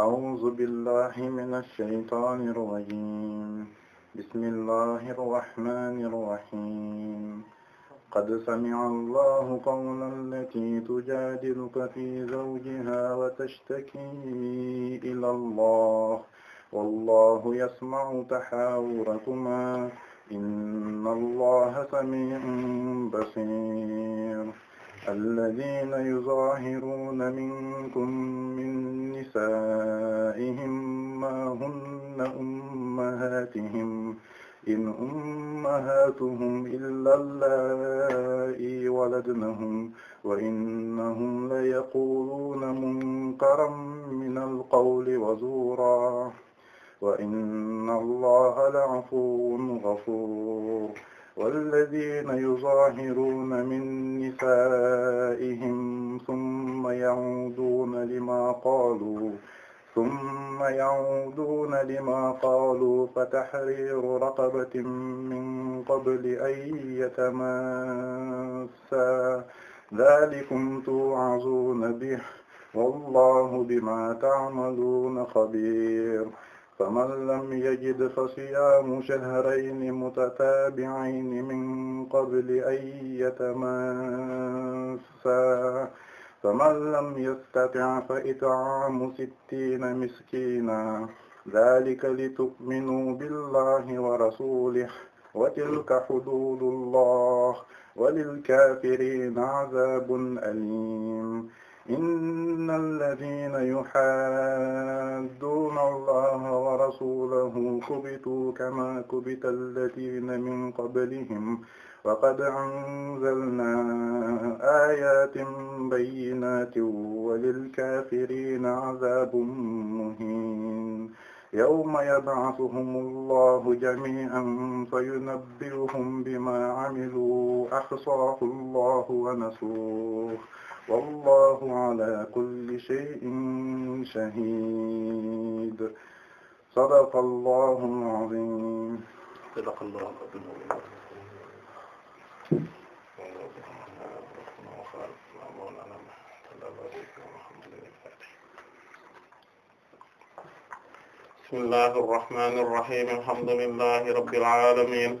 أعوذ بالله من الشيطان الرجيم بسم الله الرحمن الرحيم قد سمع الله قول التي تجادلك في زوجها وتشتكي إلى الله والله يسمع تحاوركما إن الله سميع بصير الذين يظاهرون منكم من نسائهم ما هن أمهاتهم إن أمهاتهم إلا اللائي ولدنهم وإنهم ليقولون منكرا من القول وزورا وإن الله لعفو غفور والذين يظاهرون من نسائهم ثم يعودون لما قالوا ثم يعودون لما قالوا فتحرير رقبة من قبل أن يتماسا ذلكم توعظون به والله بما تعملون خبير فمن لم يجد فصيام شهرين متتابعين من قبل أن يتماسا فمن لم يستطع فإطعام ستين مسكينا ذلك لتؤمنوا بالله ورسوله وتلك حدود الله وللكافرين عذاب أليم innal laziina yuhaadduuna allaha wa rasuulahu kubituu kamaa kubita allaziina min qablihim wa qad anzalnaa aayaatin bayyinaatin wa lilkaafiriina azaabun muhiin yawma yab'asuhumu allahu jamii'an fayunabbi'uhum bimaa 'amiluu axsaahu allahu wa nasuuh wallahu ala kulli shay'in shahid sadaqa allahu al-azim sadaqa allahu bismillahi irrahmani irrahim alhamdulillahi rabbil alamin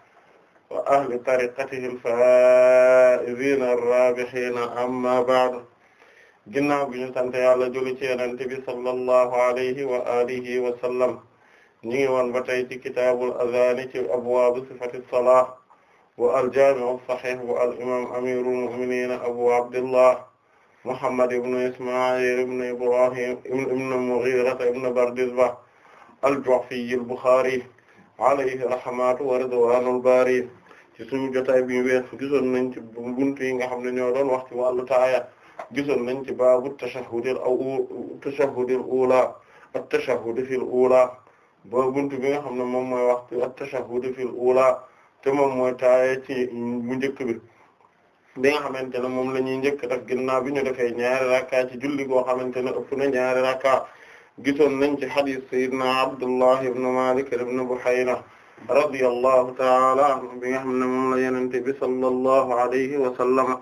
wa ahli tariqatihi al-faa'iziina ar-raabihiina amma ba'du ginnaaw bi ñu sant yàlla julli ci Yonent bi sallallahu alayhi wa alihi wa sallam ñu ngi woon ba tey ci kitaabul adaan ci abwaabu sifati salaah wa al-jaami' as-sahiih bu al-imaam amiirul mu'miniin abu abdillah muhammad ibn isma'il ibn ibrahim ibn mughiira ibn bardizbah al-ju'fi al-bukhaari alayhi rahmatu wa ridwaanul baari ci suñu jotaay bi weesu gisoon nañ ci buntu yi nga xam ne ñoo doon wax ci wàllu taaya gisoon nañ ci baabu tashahhudil aw tashahhudil ula at-tashahhud fil ula ba buntu bi nga xam ne moom mooy wax ci at-tashahhud fil ula te moom mooy taaya ci bu njëkk bi bi nga xamante ne moom la ñuy njëkk def ginnaaw bi ñu defee ñaari rakka ci julli goo xamante ne ëpp na ñaari rakka gisoon nañ ci hadith sayyidina Abdullah ibn Malik ibn Buhayna radiyallahu ta'ala anhu bi nga xam ne moom la yenente bi sallallahu alayhi wa sallama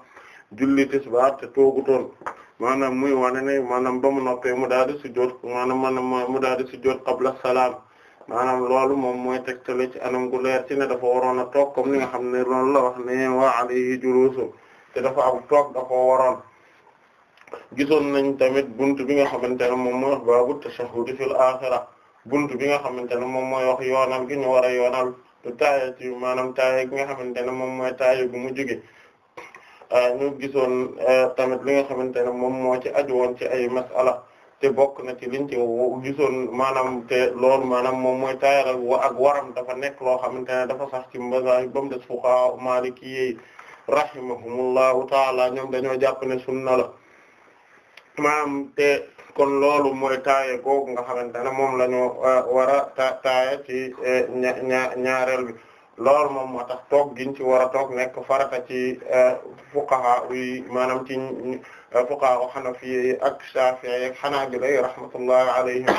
julli tisbaar te toogutoon maanaam muy wane ne maanaam ba mu noppee mu daal di sujjóot maanaam maanaam mu daal di sujjóot qabla salaam maanaam loolu moom mooy tegtale ci anam gu leer ci ne dafa waroon a toog comme ni nga xam ne loolu la wax ne wa alayhi juluusu te dafa am toog dafa waroon gisoon nañ tamit buntu bi nga xamante ne moom mooy wax baabu tashahhud fil aaxira buntu bi nga xamante ne moom mooy wax yoonal gi ñu war a yoonal te taaya ci maanaam taaya gi nga xamante ne moom mooy taaya bu mu a ah, ñu gisoon eh, tamit li nga xamante ne moom moo ci aju woon ci ay masala te bokk na ci liñ ci gisoon maanaam te loolu maanaam moom mooy taayal ak waram dafa nekk loo xamante ne dafa sax ci mbasa ba mu des fuqaha maliki yi rahimahumullahu taala ñoom dañoo jàpp ne sunna la maanaam te kon loolu mooy taaye googu nga xamante ne moom la ñu euh, war a ta taaye ci euh, ña ña ñaareel bi loolu moom moo tax toog giñ ci war a toog nekk farata ci euh, fuqaha yi maanaam ci fuqaha hanafi yi ak shafi'i ak hanabila rahmatullah alayhim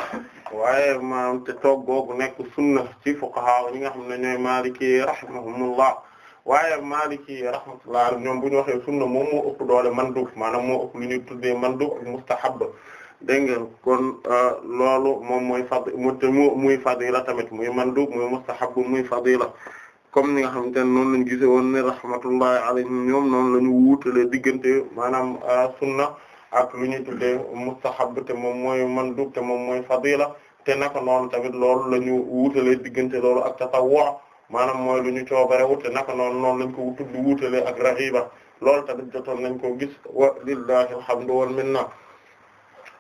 waaye maanaam te toog googu nekk sunna ci fuqaha ñi nga xam ne ñooy maliki rahimahumullah waaye Maliki rahmatullah ñoom bu ñu waxee sunna moom moo ëpp doole mandub maanaam moo ëpp lu ñuy tuddee mandub ak mustahab dégg nga kon euh, loolu moom mooy fad mu muy fadila tamit muy mandub muy mustahab muy fadila comme ni nga xamante ne noonu lañ gise woon ne rahmatullahi alayhim ñoom noonu la ñu wuutale diggante maanaam euh, sunna ak lu ñuy tuddee mustahab te moom mooy mandub te moom mooy fadila te naka noonu tamit loolu la ñu wuutale diggante loolu ak tatawwu maanaam mooy lu ñu wu te naka noonu noonu lañ ko tudd wuutale ak raxiba loolu tamit jotoon nañ ko gis wa lillahi alhamdu wal minna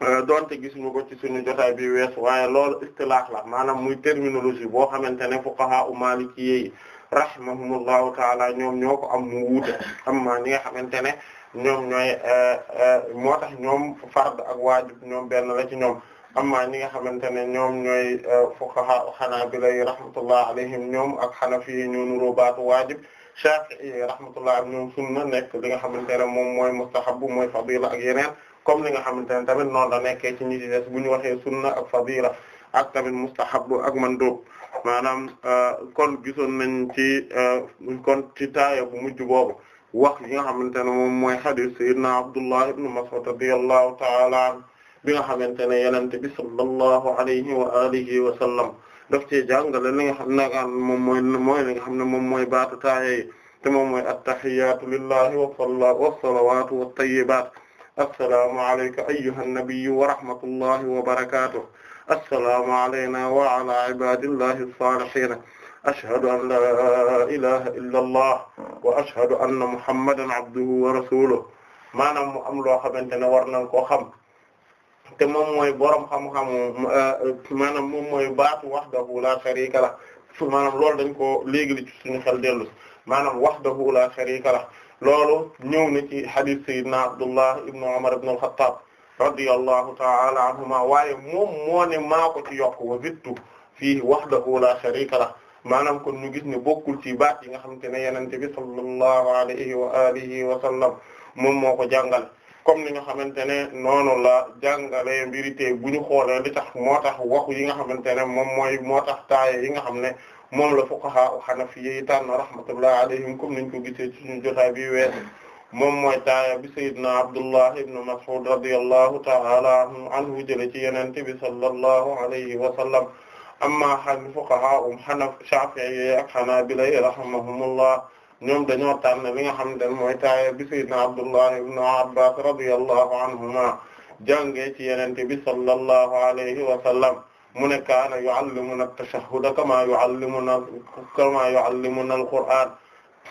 Euh, donte gisuñu ko ci suñu jotaay bi wees waaye lool istilah la maanaam muy terminologie boo xamante ne fuqaha u maliki yi rahimahumullahu taala ñoom ñoo ko am mu wuute amma ñi nga xamante ne ñoom ñooy euh, euh, moo tax ñoom fard ak waajib ñoom benn la ci ñoom amma ñi nga xamante ne ñoom ñooy fuqaha u hanabila yi rahmatullah alayhim ñoom ak hanafi yi ñoo nuroo baatu waajib shafi'i yi rahmatullah ñoom sunna nekk li nga xamante ne moom mooy mustahabu mooy fadila ak yeneen comme li nga xamante ne tamit noonu la nekkee ci ñi bu ñu waxee sunna ak fadila ak tamit mustahabbu ak mandub maanaam euh, kon gisoon nañ ci euh, kon ci taaya bu mujj boobu wax yi nga xamante ne moom mooy hadith sayyidina Abdullah ibn Mas'ud radiyallahu ta'ala bi nga xamante ne yenente bi sallallahu alayhi wa alihi wa sallam daf ci jàngale li nga xam ne moom mooy mooy li nga xam ne moom mooy baatu taaya yi te moom mooy at-tahiyyatu lillahi wa salawatu wat-tayyibat assalaamu alayka ayyuha nabiyyu wa rahmatullahi wa barakatuh assalaamu alayna wa ala ibadillahi as-salihin ashhadu an la ilaha illa allah wa ashhadu anna muhammadan abduhu wa rasuluhu maanaam mu am loo xamante ne war nañ koo xam te moom mooy borom xam-xamu maanaam moom mooy baatu wahdahu la sharika la maanaam loolu dañ ko léegi li ci suñu xel dellu maanaam wahdahu la sharika la loolu ñëw na ci hadith sayyidina Abdullah ibn Umar ibn al-Khattab radiyallahu ta'ala anhuma waaye moom moo ne maa ko ci yokk wa bittu fii wahdahu la sharika lah maanaam kon ñu gis ne bokkul ci baat yi nga xamante ne yenente bi sallallahu alayhi wa alihi wa sallam moom moo ko jàngal comme ni nga xamante ne noonu la jàngale mbiri te bu ñu xoolee li tax moo tax waxu yi nga xamante ne moom mooy moo tax taaye yi nga xam ne moom la fuqaha u hanafi yi tànn rahmatullah alayhim comme niñ ko gisee ci suñu jotaay bi weesu moom mooy taaya bi sayyidina Abdullah ibn Mas'ud radiyallahu ta'ala anhu jële ci Yonent bi sallallahu alayhi wa sallam amma han fuqaha um hanaf shafi'i ak hanabila rahimahumullah ñoom dañoo tànn li nga xam ne mooy taaya bi sayyidina Abdullah ibn Abbas radiyallahu anhuma jàngee ci Yonent bi sallallahu alayhi wa sallam mu ne kaana yuallimuna at-tashahhuda kama yuallimuna kama yuallimuna al-Qur'an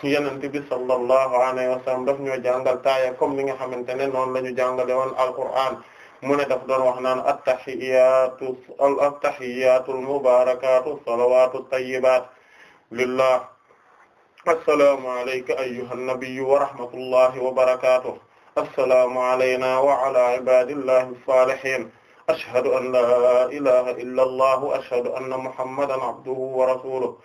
yenente bi sallallahu alayhi wa sallam daf ñoo jàngal taaya comme li nga xamante ne noonu la ñu jàngale woon al-Qur'an mu ne daf doon wax naan at-tahiyatu at-tahiyatu al-mubarakatu as-salawatu at-tayyibatu lillah assalamu alayka ayyuha an-nabiyyu wa rahmatullahi wa barakatuh assalamu alayna wa ala ibadillahi as-salihin ashhadu an laa ilaha illa allah wa ashhadu anna muhammadan abduhu wa rasuluhu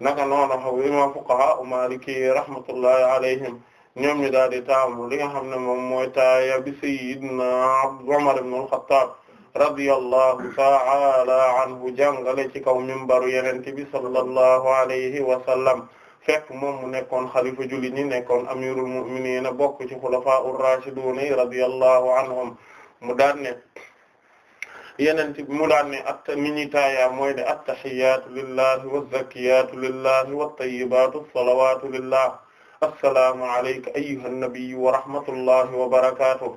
naka noonu xaw imam fuqaha maliki rahmatullahi alayhim ñoom ñu daal di taamu li nga xam ne moom mooy taaya bi sayyidina Umar ibn al-Khattab radiyallahu ta'ala anhu jàngale ci kaw mimbaru Yonent bi sallallahu alayhi wa sallam fekk moom mu nekkoon xalifa jullit ñi nekkoon amirul mu'minin bokk ci xulafa'ur rashidun radiyallahu anhum mu daan ne yeneen ci mu daan ne at mi ñuy taayaa mooy ne attahiyaatu lillahi wazzakiyaatu lillahi wattayyibaatu salawaatu lillahi assalaamu alayka ayyuha nabiyyu wa rahmatullahi wa barakaatuh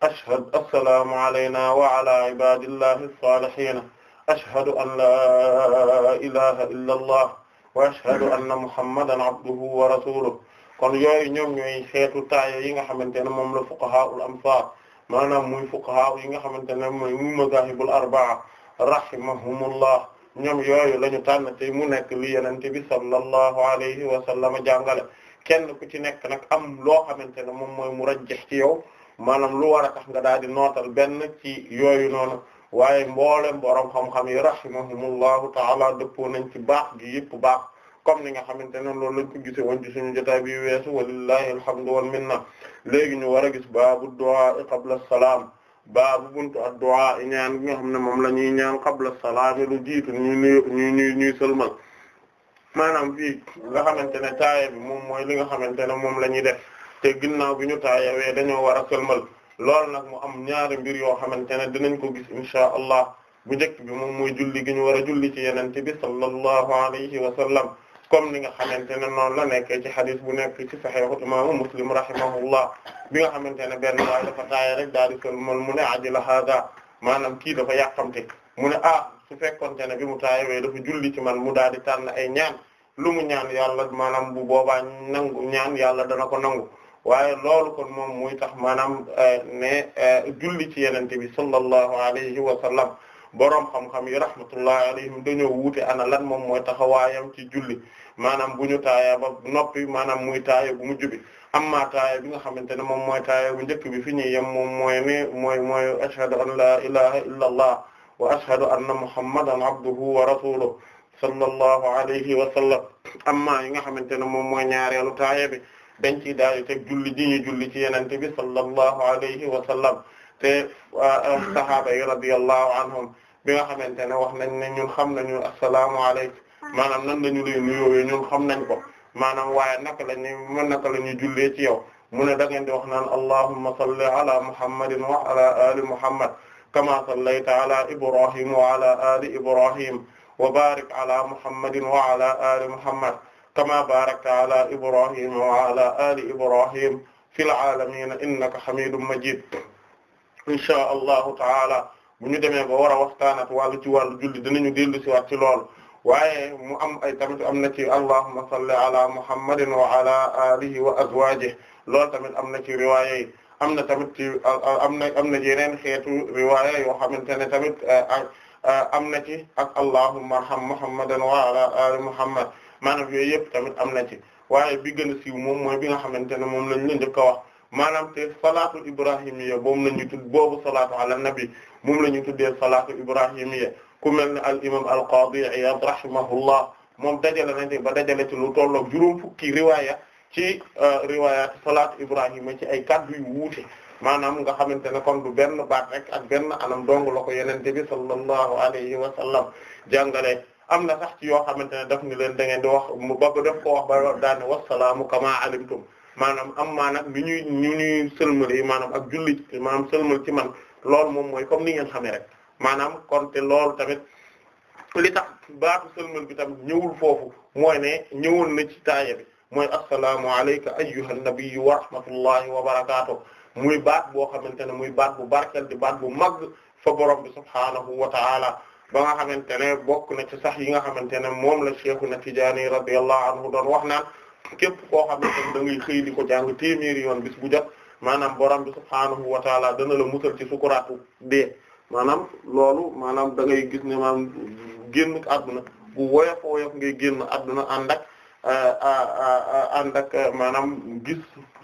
ashhad assalaamu alaynaa wa alaa ibaadillahi saalihiina ashhadu an laa ilaaha illallah wa ashhadu anna muhammadan abduhu wa rasuluhu kon yooyu ñoom ñooy xeetu taaya yi nga xamante ne moom la fuqahaa'ul amsaar maanaam muy fuqaha yi nga xamante ne mooy mu mazahibul arbaa rahimahumullah ñoom yooyu la ñu tànn te mu nekk li yenente bi sallallahu alayhi wa sallam jàngale kenn ku ci nekk nag am loo xamante ne moom mooy mu rajjex ci yow maanaam lu war a tax nga daal di nootal benn ci yooyu noonu waaye mboolem borom xam-xam yi rahimahumullahu taala dëppoo nañ ci baax gi yëpp baax comme ni nga xamante ne loolu lañ ko gise woon ci suñu jotaay bi weesu walillahi alhamdu wal minna léegi ñu war a gis baabu du'a qabla salaam baabu buntu ad-du'a ñaan bi nga xam ne moom la ñaan qabla salaam lu jiitu ñu ñu ñu ñuy maanaam fii nga xamante ne taaya bi moom mooy li nga xamante ne moom la ñuy def te ginnaaw bi ñu taayawee dañoo war a sëlmal nag mu am ñaari mbir yoo xamante ne dinañ ko gis insha allah bu njëkk bi moom mooy julli gi ñu war julli ci yenente bi sallallahu alayhi wa sallam comme ni nga xamante ne noonu la nekkee ci xadis bu nekk ci saxiixu imaamu muslim rahimahullah bi nga xamante ne benn waay dafa taaya rek daal di sëlmal mu ne ajila hada maanaam kii dafa yàqamte mu ne ah su fekkonte ne bi mu taayawee dafa julli ci man mu daal di tànn ay ñaan lu mu ñaan yàlla maanaam bu boobaa nangu ñaan yàlla dana ko nangu waaye loolu kon moom muy tax maanaam eh, ne eh, julli ci yenente bi sallallahu alayhi wa sallam boroom xam-xam yi rahmatullahi alayhim dañoo wuute ana lan moom mooy taxawaayam ci julli maanaam bu ñu taaya ba noppi maanaam muy taaya bu mujj bi amma taaya bi nga xamante ne moom mooy taaya bu njëkk bi fi ñuy yem moom mooy ne mooy mooy ashhadu an la ilaha illa allah wa ashhadu anna muhammadan abduhu wa rasuluhu sallallahu alayhi wa sallam amma yi nga xamante ne moom mooy ñaareelu taaya bi dañ ciy daal di teg julli ji ñu julli ci yenente bi sallallahu alayhi wa sallam te um, sahaaba yi radiyallahu anhum bi nga xamante ne wax nañ ne ñun xam nañu assalaamu alaykum maanaam nan la ñu lay nuyoowee ñun xam nañ ko maanaam waaye naka la ñu mën naka la ñu jullee ci yow mu ne da ngeen di wax naan allahumma salli ala muhammadin wa ala ali muhammad kama sallayta ala ibrahim wa ala ali ibrahim wa barik ala muhammadin wa ala ali muhammad kama barakta ala ibrahim wa ala ali ibrahim fil alamina innaka hamidum majid insha allahu taala bu ñu demee ba war a waxtaan ak wàllu ci wàllu julli dinañu dellu ci waat ci loolu waaye mu am ay tamit am na ci allahumma salli ala muhammadin wa ala alihi wa azwajihi loolu tamit am na ci riwaaya yi am na tamit ci am na am na yeneen xeetu riwaaya yoo xamante ne tamit eh, am na ci ak allahumma arham muhammadan wa ala ali muhammad maanaam yooyu yëpp tamit am na ci waaye bi gën a siiw moom mooy bi nga xamante ne moom lañ leen njëkk a wax maanaam te salaatu ibrahimiyya moom la ñu tudd boobu salaatu ala nabi moom la ñu tuddee salaatu ibrahimiyya ku mel ne al imam al qadi Iyad rahimahullah moom dajale nañ ba dajale ci lu tolloog juróom fukki riwaaya ci euh, riwaayat salaatu ibrahima ci ay kaddu yu wuute maanaam nga xamante ne kon du benn baat rek ak benn anam dong la ko yenente bi sallallahu alayhi wa sallam jàngale am na sax ci yoo xamante ne daf ni leen da ngeen di wax mu ba def ko wax ba daane wasalaamu kama alimtum maanaam am maanaam li ñuy ñu ñuy sëlmali maanaam ak julli maanaam sëlmal ci man loolu moom mooy comme ni ngeen xamee rek maanaam kon te loolu tamit li tax baatu sëlmal bi tamit ñëwul foofu mooy ne ñëwoon na ci taaya bi mooy assalaamu alayka ayyuhan nabiyyu wa rahmatullahi wa barakaatuh muy baat boo xamante ne muy baat bu barkel di baat bu mag fa borom bi subhaanahu wa ta'ala ba nga xamante ne bokk na ci sax yi nga xamante ne moom la Cheikhuna Tijaani radiyallahu anhu doon wax naan képp koo xam ne da ngay di ko jàng téeméeri yoon bis bu jot maanaam borom bi subhaanahu wa taala dana la musal ci sukuraatu dee maanaam loolu maanaam da ngay gis ne maanaam génn àdduna bu woyof ngay génn àdduna ànd ak maanaam gis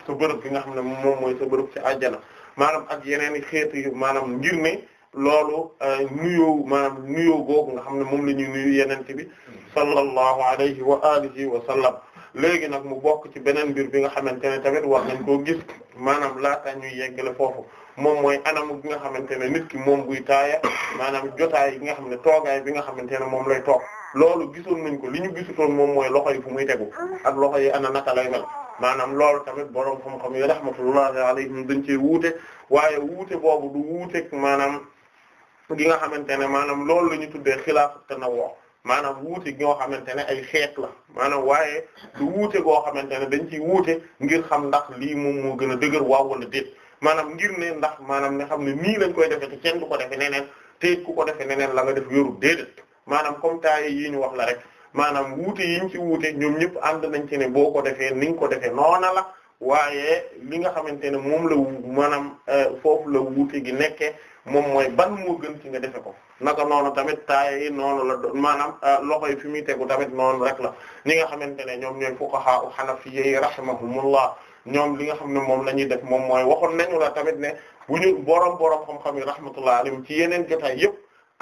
sa bërëb bi nga xam ne moom mooy sa bërëb ci àjjana maanaam ak yeneen i xeetu yu maanaam ngir ne loolu nuyoo maanaam nuyoo googu nga xam ne moom la ñuy nuyu yeneen bi sallallahu alayhi wa alihi wa sallam léegi nag mu bokk ci beneen mbir bi nga xamante ne tamit wax nañ koo gis maanaam laata ñuy yeggale foofu moom mooy anam gi nga xamante ne nit ki moom buy taaya maanaam jotaay yi nga xam ne toogaay bi nga xamante ne moom lay toog loolu gisoon nañ ko li ñu gisutoon moom mooy loxo yi fu muy tegu ak loxo yi ana naka lay mel maanaam loolu tamit borom xam-xam yi rahmatullahi alayhim dañ cee wuute waaye wuute boobu du wuuteeg maanaam gi nga xamante ne maanaam loolu la ñu tuddee xilaafu tanawwu maanaam wuute goo xamante ne ay xeet la maanaam waaye du wuute goo xamante ne dañ ciy wuute ngir xam ndax lii moom moo gën a dëgër waaw wala déet maanaam ngir ne ndax maanaam ne xam ne nii lañ koy defe te kenn du ko defee neneen te ku ko defee neneen la nga def wéeru déedéet maanaam comme taay yi ñu wax la rek maanaam wuute yi ñu ci wuute ñoom ñëpp ànd nañ ci ne boo ko defee ni nga ko defee noona la waaye li nga xamante ne moom la maanaam euh, foofu la wuute gi nekkee moom mooy ban moo gën nga defe ko naka noonu tamit taay yi noonu la maanaam ah, loxo yi fi muy tegu tamit noonu rek la ni nga xamante ne ñoom ñooy fuqaha u hanafiyya yi rahimahumullah ñoom li nga xam ne moom la ñuy def moom mooy waxoon nañu la tamit ne bu ñu borom borom xam-xam yi rahmatullah alayhim ci yeneen jotaay yëpp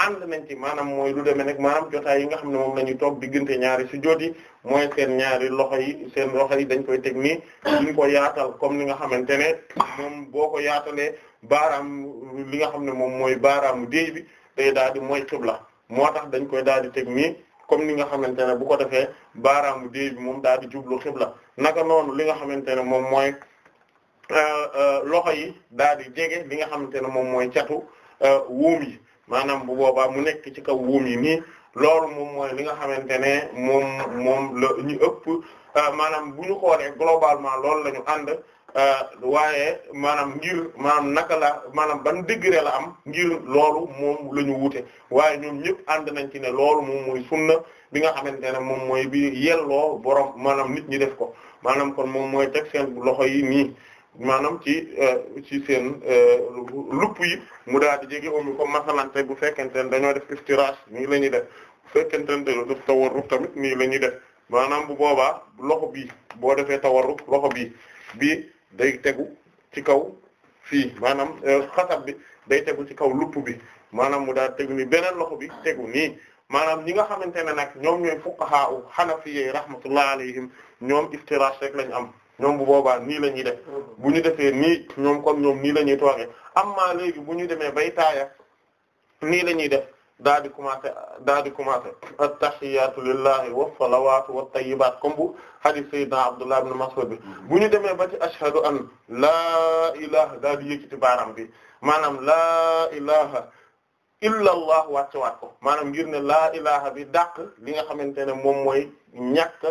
ànd nañ ci maanaam mooy lu demee nag maanaam jotaa yi nga xam ne moom la ñuy toog diggante ñaari sujjóot yi mooy seen ñaari loxo yi seen loxo yi dañ koy teg nii duñ ko yaatal comme li nga xamante ne moom boo ko yaatalee baaraam li nga xam ne moom mooy baaraamu déy bi day daal di mooy xibla moo tax dañ koy daal di teg nii comme ni nga xamante ne bu ko defee baaraamu déy bi moom daal di jublu xibla naka noonu li nga xamante ne moom mooy euh, euh, loxo yi daal di jege li nga xamante ne moom mooy catu euh, wuum yi maanaam bu boobaa mu nekk ci kaw wuum yi nii loolu moom mooy li nga xamante ne moom moom la ñu ëpp euh, maanaam bu ñu xoolee globalement loolu la ñu ànd euh, waaye maanaam ngir maanaam naka la maanaam ban degré la am ngir loolu moom la ñu wute waaye ñoom ñëpp ànd nañ ci ne loolu moom mooy sunna bi nga xamante ne moom mooy bi yelloo borom maanaam nit ñi def ko maanaam kon moom mooy teg seen loxo yi nii. maanaam ci euh, ci seen euh, lupp yi mu daal di jege omi comme masalante bu fekkente ne dañoo def iftiraash nii la ñuy def bu fekkente ne dañoo def tawarruk tamit nii la ñuy def maanaam bu boobaa loxo bii boo defee tawarruk loxo bi bi day tegu ci kaw fii maanaam euh, xasab bi day tegu ci kaw lupp bi maanaam mu daal tegu nii beneen loxo bi tegu nii maanaam ñi nga xamante ne nag ñoom ñooy fuqaha u xanafi yi rahmatullah alayhim ñoom iftiraash rek lañ am ñoom bu boobaa nii la ñuy def mm-hmm. bu ñu defee nii ñoom kon ñoom nii la ñuy toogee amma léegi bu ñu demee bay taaya nii la ñuy def daal di commencé daal di commencé at-tahiyyatu lillahi wa salawaatu wa tayyibaat comme bu hadith sayyidina Abdullah ibn Mas'ud bi mm-hmm. bu ñu demee ba ci ashhadu an laa ilaha daal di yëkkati bi maanaam laa ilaha illallah wàcce waat ko maanaam ngir ne laa ilaha bi dàq li nga xamante ne moom mooy ñàkk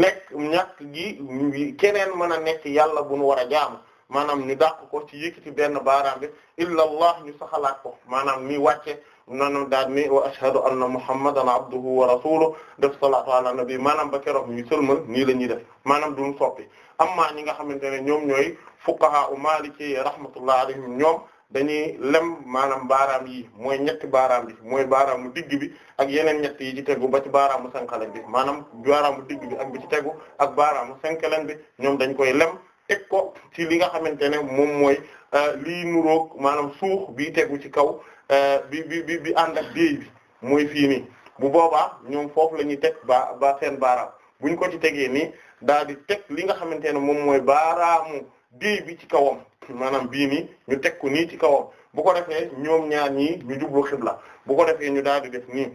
nekk ñàkk gi keneen mën a nekk yàlla bu nu war a jaamu maanaam ñu dàq ko ci yëkkati benn baaraam bi illa allah ñu saxalaat ko maanaam mi wàcce nanu daal ni wa ashhadu anna muhammadan abduhu wa rasuluhu def salatu ala nabi maanaam ba keroog ñu sëlmal nii la ñuy def maanaam duñ soppi amma ñi nga xamante ne ñoom ñooy fuqaha u maliki rahmatullah alayhim ñoom dañuy lem maanaam baaraam yi mooy ñetti baaraam bi mooy baaraamu digg bi ak yeneen ñett yi ci tegu ba ci baaraamu sànqalen bi maanaam baaraamu digg bi ak bi tegu ak baaraamu sànqalen ñoom dañ koy lem teg ko ci li nga xamante ne moom mooy euh, lii nuroog maanaam suux bi tegu ci kaw euh, bi bi bi ànd ak déey bi mooy fii nii bu boobaa ñoom foofu la ñuy teg ba ba seen bu ñu ko ci tegee nii daal di teg li nga xamante ne moom mooy baaraamu déey bi ci kawam maanaam bii nii ñu teg ko nii ci kawam bu ko defee ñoom ñaar ñii ñu jublu xibla bu ko defee ñu daal di def nii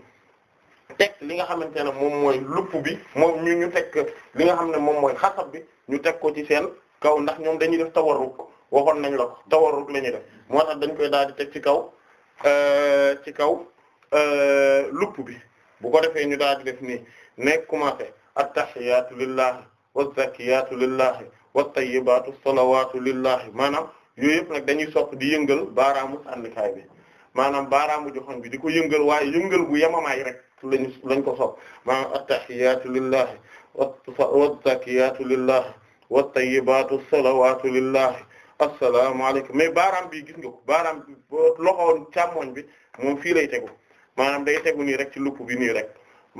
teg li nga xamante ne moom mooy lupp bi moom ñu ñu teg li nga xam ne moom mooy xasab bi ñu teg ko ci seen kaw ndax ñoom dañuy def tawarruk waxoon nañ la ko tawarruk la ñuy def moo tax dañ koy daal di teg ci kaw euh, ci kaw euh, lupp bi bu ko defee ñu daal di def nii nekk commencé attahiyaatu lillahi wazzakiyaatu lillahi wa tayyibaatu salawaatu lillahi maanaam yooyu yëpp nag dañuy sopp di yëngal baaraamu sànnikaay bi maanaam baaraamu joxoon bi di ko yëngal waaye yëngal bu yemamaay rek lañ lañ ko sopp maanaam attahiyaatu lillahi wa zakiyaatu lillahi wa tayyibaatu salawaatu lillahi asalaamaaleykum mais baaraam bi gis nga ko baaraam loxo càmmoñ bi moom fii lay tegu maanaam day tegu nii rek ci lupp bi nii rek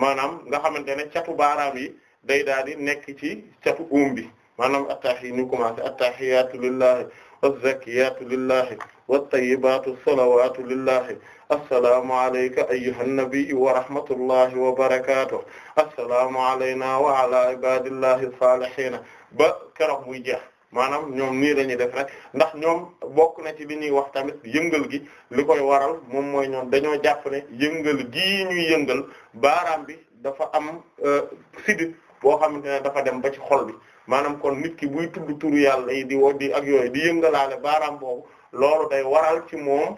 maanaam nga xamante ne catu baaraam yi day daal di nekk ci catu uum bi maanaam attahi ñu commencé attahiyatu lillahi az-zakiyatu lillahi wat-tayyibatu salawatu lillahi assalamu alayka ayyuhan nabiyyu wa rahmatullahi wa barakatuh assalamu alayna wa ala ibadillahi salihin ba keroog muy jeex maanaam ñoom nii la ñuy def rek ndax ñoom bokk na ci li ñuy wax tamit yëngal gi li koy waral moom mooy ñoom dañoo jàpp ne yëngal gii ñuy yëngal baaraam bi dafa am euh, sidit boo xamante ne dafa dem ba ci xol bi maanaam kon nit buy tudd turu yàlla yi di woo di ak yooyu di yëngalaale baaraam boobu loolu day waral ci moom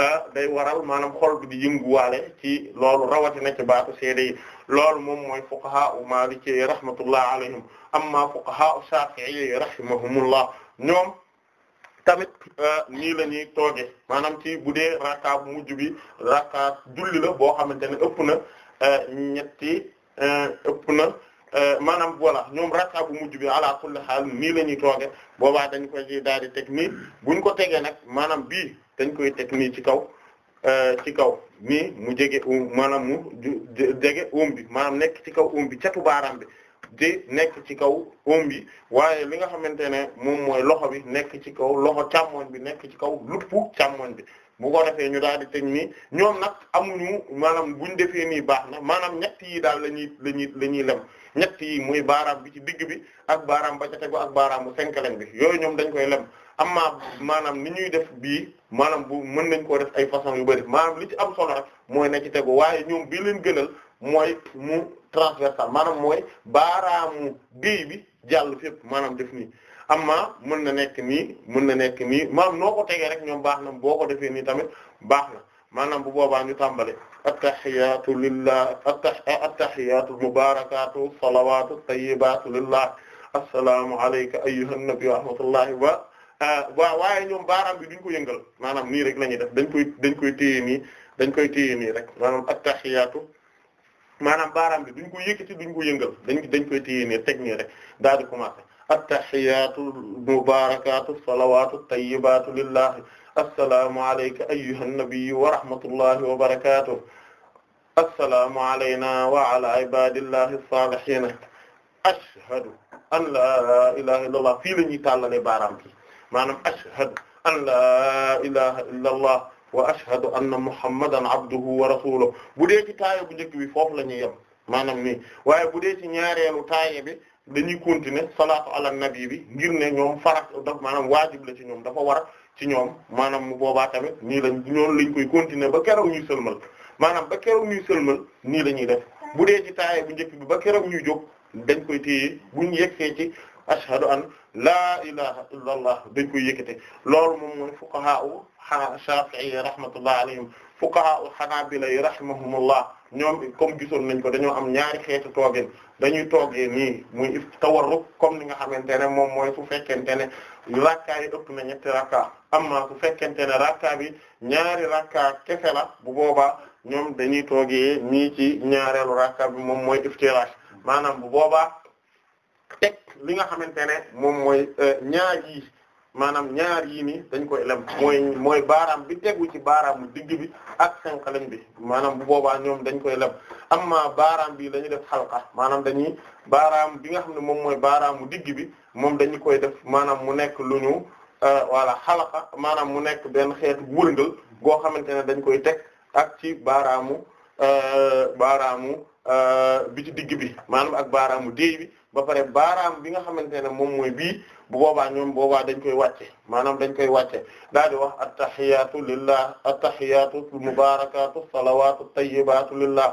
euh, day waral maanaam xol bi di yënguwaale ci loolu rawatina ci baatu seede yi loolu moom mooy fuqaha u maliki rahmatullah alayhim amma fuqaha u shafi'i rahimahumullah ñoom tamit euh, nii la ñuy tooge maanaam ci bu dee rakka bu mujj bi rakka julli la boo xamante ne ëpp na euh, ñetti ëpp na Euh, maanaam voilà ñoom rakka bu mujj bi ala kulli xaal nii la ñuy tooge boobaa dañ koy daal di teg nii buñ ko tegee nag maanaam bii dañ koy teg nii ci kaw euh, ci kaw nii mu jege um maanaam mu jege um bi maanaam nekk ci kaw um bi catu baaraam bi di nekk ci kaw um bi waaye li nga xamante ne moom mooy loxo bi nekk ci kaw loxo càmmoñ bi nekk ci kaw luppu càmmoñ bi bu ko defee ñu daal di teg nii ñoom nag amuñu maanaam buñ defee nii baax na maanaam ñett yi daal la ñuy la ñuy la ñuy lem ñetti yi muy baaraam bi ci digg bi ak baaraam ba ca tegu ak baaraamu cinquième bi yooyu ñoom dañ koy lem amma maanaam ni ñuy def bii maanaam bu mën nañ koo def ay façon yu bari maanaam li ci am solo rek mooy na ci tegu waaye ñoom bi leen gënal mooy mu transversal maanaam mooy baaraamu géey bi jàll fépp maanaam def nii amma mën na nekk nii mën na nekk nii maam noo ko tegee rek ñoom baax na boo ko defee nii tamit baax na maanaam bu boobaa ñu tàmbale attahiyatu lillah attahiyatu mubarakatu salawatu tayyibatu lillah assalaamu alayka ayyuhan nabi wa rahmatullahi wa waaw waaye ñoom baaraam bi duñ ko yëngal maanaam nii rek la ñuy def dañ koy dañ koy nii dañ koy téye nii rek maanaam attahiyatu maanaam baaraam bi duñ ko yëkkati duñ ko yëngal dañ dañ koy téye nii rek daal di commencer attahiyaatu mubaarakaatu salawaatu tayyibaatu lillahi assalaamu alayka ayyuhan nabiyyu wa rahmatullahi wa barakaatuh assalaamu alaynaa wa alaa ibaadillahi saalihiina ashhadu an laa ilaaha illallah fii la ñuy tàllale baaraam bi maanaam ashhadu an laa ilaaha illallah wa ashhadu anna muhammadan abduhu wa rasuluhu bu dee ci taaya bu njëkk bi foofu la ñuy yem maanaam nii waaye bu dee ci ñaareelu taaye bi dañuy continuer salaatu ala nabi bi ngir ne ñoom farat daf maanaam waajib la ci ñoom dafa war ci ñoom maanaam mu boobaa tamit nii lañ ñoonu lañ koy continuer ba keroog ñuy sëlmal maanaam ba keroog ñuy sëlmal nii la ñuy def bu dee ci taaye bu njëkk bi ba keroog ñuy jóg dañ koy téye buñ yegsee ci ashhadu an laa ilaha illa allah dañ koy yëkkate loolu moom mooy fuqaha u Shafi'i rahmatullah alayhim fuqaha u hanabila rahimahumullah ñoom comme gisoon nañ ko dañoo am ñaari xeetu toogin dañuy toogee nii muy tawarruk comme li nga xamante ne moom mooy su fekkente ne rakka yi ëpp na ñetti rakka amma su fekkente ne rakka bi ñaari rakka kese la bu boobaa ñoom dañuy toogee nii ci ñaareelu rakka bi moom mooy iftiraash maanaam bu boobaa teg li nga xamante ne moom mooy euh, ñaar yi maanaam ñaar yii ni dañ koy lem mooy mooy baaraam bi tegu ci mu digg bi ak sànqalem bi maanaam bu boobaa ñoom dañ koy lem amma baaraam bi la def xalqa maanaam dañuy baaraam bi nga xam ne moom mooy baaraamu digg bi moom dañu koy def maanaam mu nekk lu ñu euh, voilà xalqa maanaam mu nekk benn xeetu wërngal goo xamante ne dañ koy teg ak ci baaraamu Euh, baaraamu euh, bi ci digg bi maanaam ak baaraamu déy bi ba pare baaraam bi nga xamante ne moom mooy bii bu boobaa ñoom boobaa dañ koy wàcce maanaam dañ koy wàcce daal di wax attahiyaatu lillah attahiyaatu mubaarakaatu salawaatu tayyibaatu lillah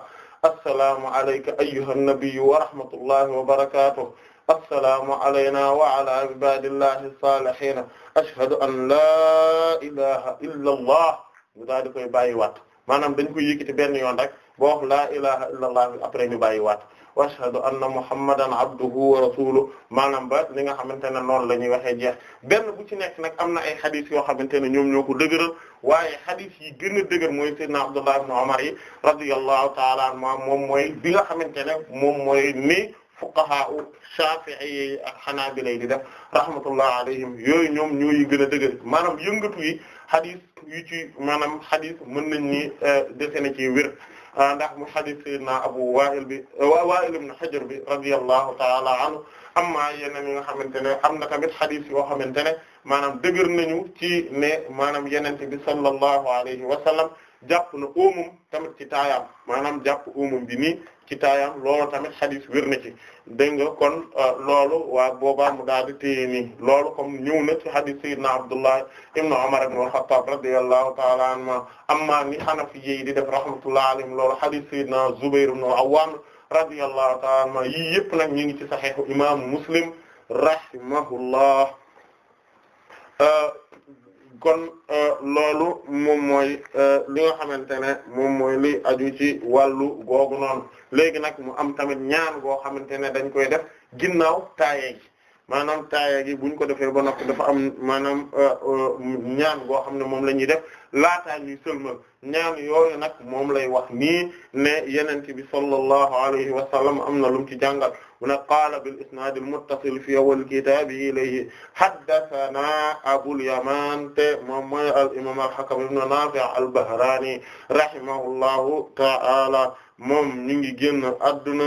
assalaamu alayka ayyuhan nabiyyu wa rahmatullahi wa barakaatuh assalaamu alayna wa ala ibaadillahi saalihiina ashhadu an laa ilaaha illa allah ñu daal di koy bàyyi waat maanaam dañu koy yëkkati benn yoon rek boo wax laa ilaha illallah après ñu bàyyi waat wa ashhadu anna muhammadan abduhu wa rasuluhu maanaam ba li nga xamante ne noonu la ñuy waxee jeex benn bu ci nekk nag am na ay xadis yoo xamante ne ñoom ñoo ko dëgëral waaye xadis yi gën a dëgër mooy sayyidina abdullah ibn umar yi radiyallahu ta'ala anhu moom mooy bi nga xamante ne moom mooy ni fuqaha shafi'i ak xanaabila di def rahmatullah alayhim yooyu ñoom ñooyu gën a dëgër maanaam yëngatu xadis yu ci maanaam xadis mën nañ ni euh, dese na ci wér ah, ndax mu xadis sayyidina Abu Wa'il bi euh, Wa'il ibn Hajar bi radiyallahu ta'ala anhu amma yeneen yi nga xamante ne am na tamit xadis yoo xamante ne maanaam dëgër nañu ci ne maanaam yenente bi sallallahu alayhi wa sallam jàpp na óomum tamit ci taayaam maanaam jàpp óomum bi nii ci taayam loolu tamit xadis wér na ci dégg nga kon euh, loolu waa boobaa mu daal di téye nii loolu comme ñëw na ci xadis sayyidina Abdullah ibn Umar ibn al-Khattab radiyallahu ta'ala anhuma amma ni Hanafi yi di def rahmatullahi alayhim loolu xadis sayyidina Zubayr ibn al-Awwam radiyallahu ta'ala anhuma yii yëpp nag ñu ngi ci saxiixu imaamu Muslim rahimahullah euh, kon euh, loolu moom mooy euh, li nga xamante ne moom mooy li aju ci wàllu googu noonu léegi nag mu am tamit ñaan goo xamante ne dañ koy def ginnaaw taayee gi maanaam taaya gi buñ ko defee ba noppi dafa am maanaam euh, euh, ñaan goo xam ne moom la ñuy def laataa ñuy sëlmal ñaan yooyu nag moom lay wax nii ne yenente bi sallallahu alayhi wa am na lum ci jàngal mu ne qaala bil isnaad al muttasil fi awwal kitaabi ilayhi haddathana abul yaman te moom mooy al imam al hakam ibn nafi' al bahraani ta'ala moom ñu ngi génn adduna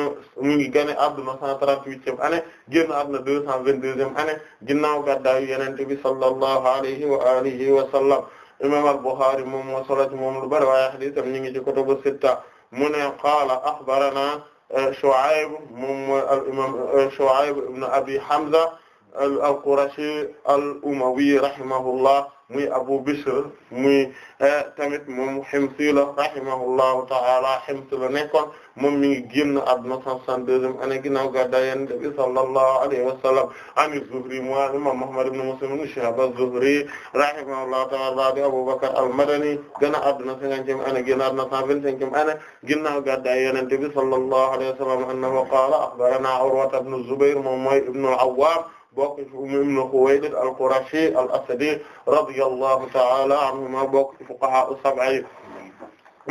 ñu ngi gane adduna 138e année génn adduna 222e année ginnaaw gàddaayu yonent bi sallallahu alayhi wa alihi wa sallam imam al-Bukhari moom moo solo ci moom lu bari waaye hadiisam ñu ngi ci kutubu sitta mu ne qaala axbarana euh, Shu'ayb moom mooy al-imam euh, Shu'ayb ibn Abi Hamza al-Qurashi al-Umawi rahimahullah muy Abu Bishr muy eh, tamit moom Himsi la rahimahullahu ta'ala Hims la nekkoon moom mi ngi génn àdduna 162e année ginnaaw gàddaay Yonent bi sallallahu alayhi wa sallam an az-Zuhri mu imam Muhammad ibn Muslim ibn Shihab az-Zuhri rahimahullahu ta'ala di Abu Bakr al-Madani génn àdduna 50e année génn àdduna 125e année ginnaaw gàddaay Yonent bi sallallahu alayhi wa sallam annahu qaala akhbarana Urwa ibn az-Zubayr moom mooy ibn al-Awwam bokk ibn Khuwaylid al-Qurashi al-Asadi radiyallahu ta'ala anhuma bokk ci fuqaha as-sab'a yi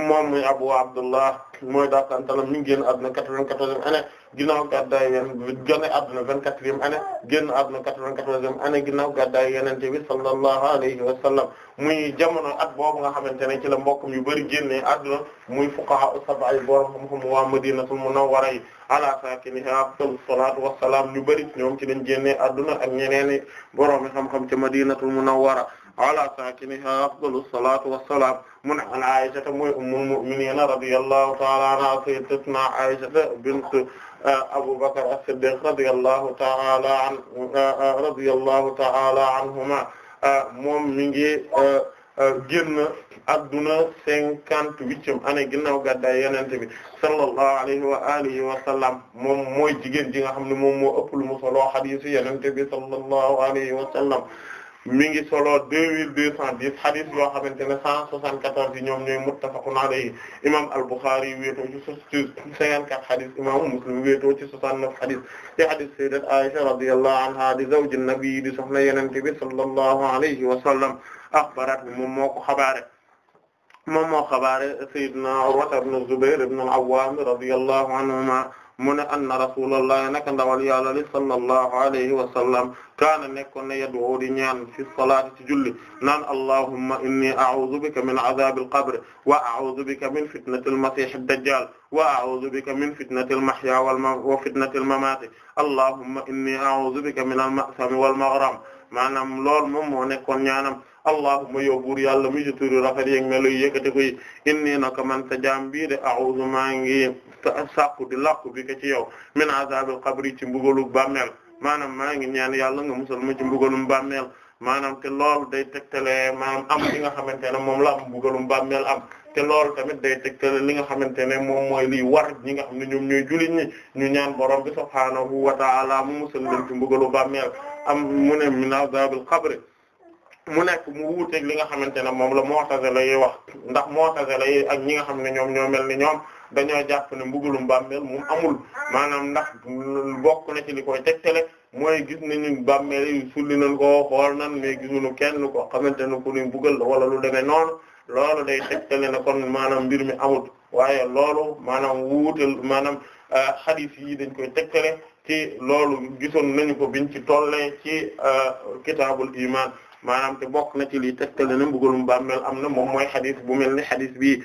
moom muy Abu Abdullah mooy dakantalam mi ngi génn àdduna 94e année ginnaaw gàddaay yeneen gane adduna vingt-quatrième année génn adduna quatre-vingt-quatorzième année ginnaaw gàddaay yenente bi sallallahu alayhi wa sallam muy jamono at boobu nga xamante ne ci la mbokkam yu bari génnee adduna muy fuqaha sab'a yi borom xam-xam waa madinatul munawwara yi ala saakinihaa afdalu salaatu wassalaam ñu bari ñoom ci lañ génnee adduna ak ñeneeni borom xam-xam ci madinatul munawwara ala saakinihaa afdalu salaatu wassalaam mun ala Aysata muy ummul mu'miniina radiyallahu ta'ala anha sayyidatuna Aysata bint Abu Bakr as-Siddiq radiyallahu ta'ala an radiyallahu ta'ala anhuma moom mi ngi génn adduna cinquante-huitième année ginnaaw gàddaay Yonent bi sallallahu alayhi wa alihi wa sallam moom mooy jigéen ji nga xam ne moom moo ëpp lu mu solo hadiisu Yonent bi sallallahu alayhi wa sallam mi ngi solo deux mille deux cent dix xadis yoo xamante ne cent soixante quatorze yi ñoom ñooy muttafaqun alayhi imam al-Bukhari wéetoo ci cinquante quatre xadis imam Muslim wéetoo ci soixante neuf xadis te xadis sayyidat Aisha radiyallahu anha di zawju nabi di soxna yonent bi sallallahu alayhi wa sallam axbarat moom moo ko xabaare moom moo xabaare sayyidna Urwa ibn Zubayr ibn al-Awwam radiyallahu anhuma mu ne anna rasulullah naka ndawal yàlla li sallallahu alayhi wa sallam kaana nekkoon na yad'u di ñaan fi salaati ci julli naan allahumma inni a'udhu bika min adhabil qabr wa a'udhu bika min fitnatil masiihid dajjal wa a'udhu bika min fitnatil mahya wal wa fitnatil mamati allahumma inni a'udhu bika min al ma'sami wal maghram maanaam lool moom moo nekkoon ñaanam allahumma yow buur yàlla mi ci turu rafet yeeg melo yëkkati ko yi inni naka man sa jaam bii de a'udhu maa ngi sàkku di làkku bi ka ci yow min azabil qabri ci mbugalu bàmmeel maanaam maa ngi ñaan yàlla nga musal ma ci mbugalum bàmmeel maanaam te loolu day tegtale maanaam am li nga xamante ne moom la am mbugalum bàmmeel am te loolu tamit day tegtale li nga xamante ne moom mooy liy war ñi nga xam ne ñoom ñooy jullit ñu ñaan borom bi subhaanahu mu musal leen ci bàmmeel am mu ne min azabil qabri mu nekk mu wuuteeg li nga xamante ne moom la mu'tazila yi wax ndax mu'tazila yi ak ñi nga xam ne ñoom ñoo mel ni ñoom dañoo jàpp ne mbugalum bàmmeel moom amul maanaam ndax bokk na ci li koy tegtale mooy gis nañu bàmmeel yi sulli nañ ko xool nan mais gisuñu kenn ko xamante ne ku ni mbugal la wala lu demee noon loolu day tegtale na kon maanaam mbir mi amul waaye loolu maanaam wuutal maanaam hadith euh, yi dañ koy tegtale ci loolu gisoon nañu ko biñ ci tollee ci euh, kitaabul iman maanaam te bokk na ci li tegtale ne mbugalum bàmmeel am na moom mooy hadith bu mel ni hadith bi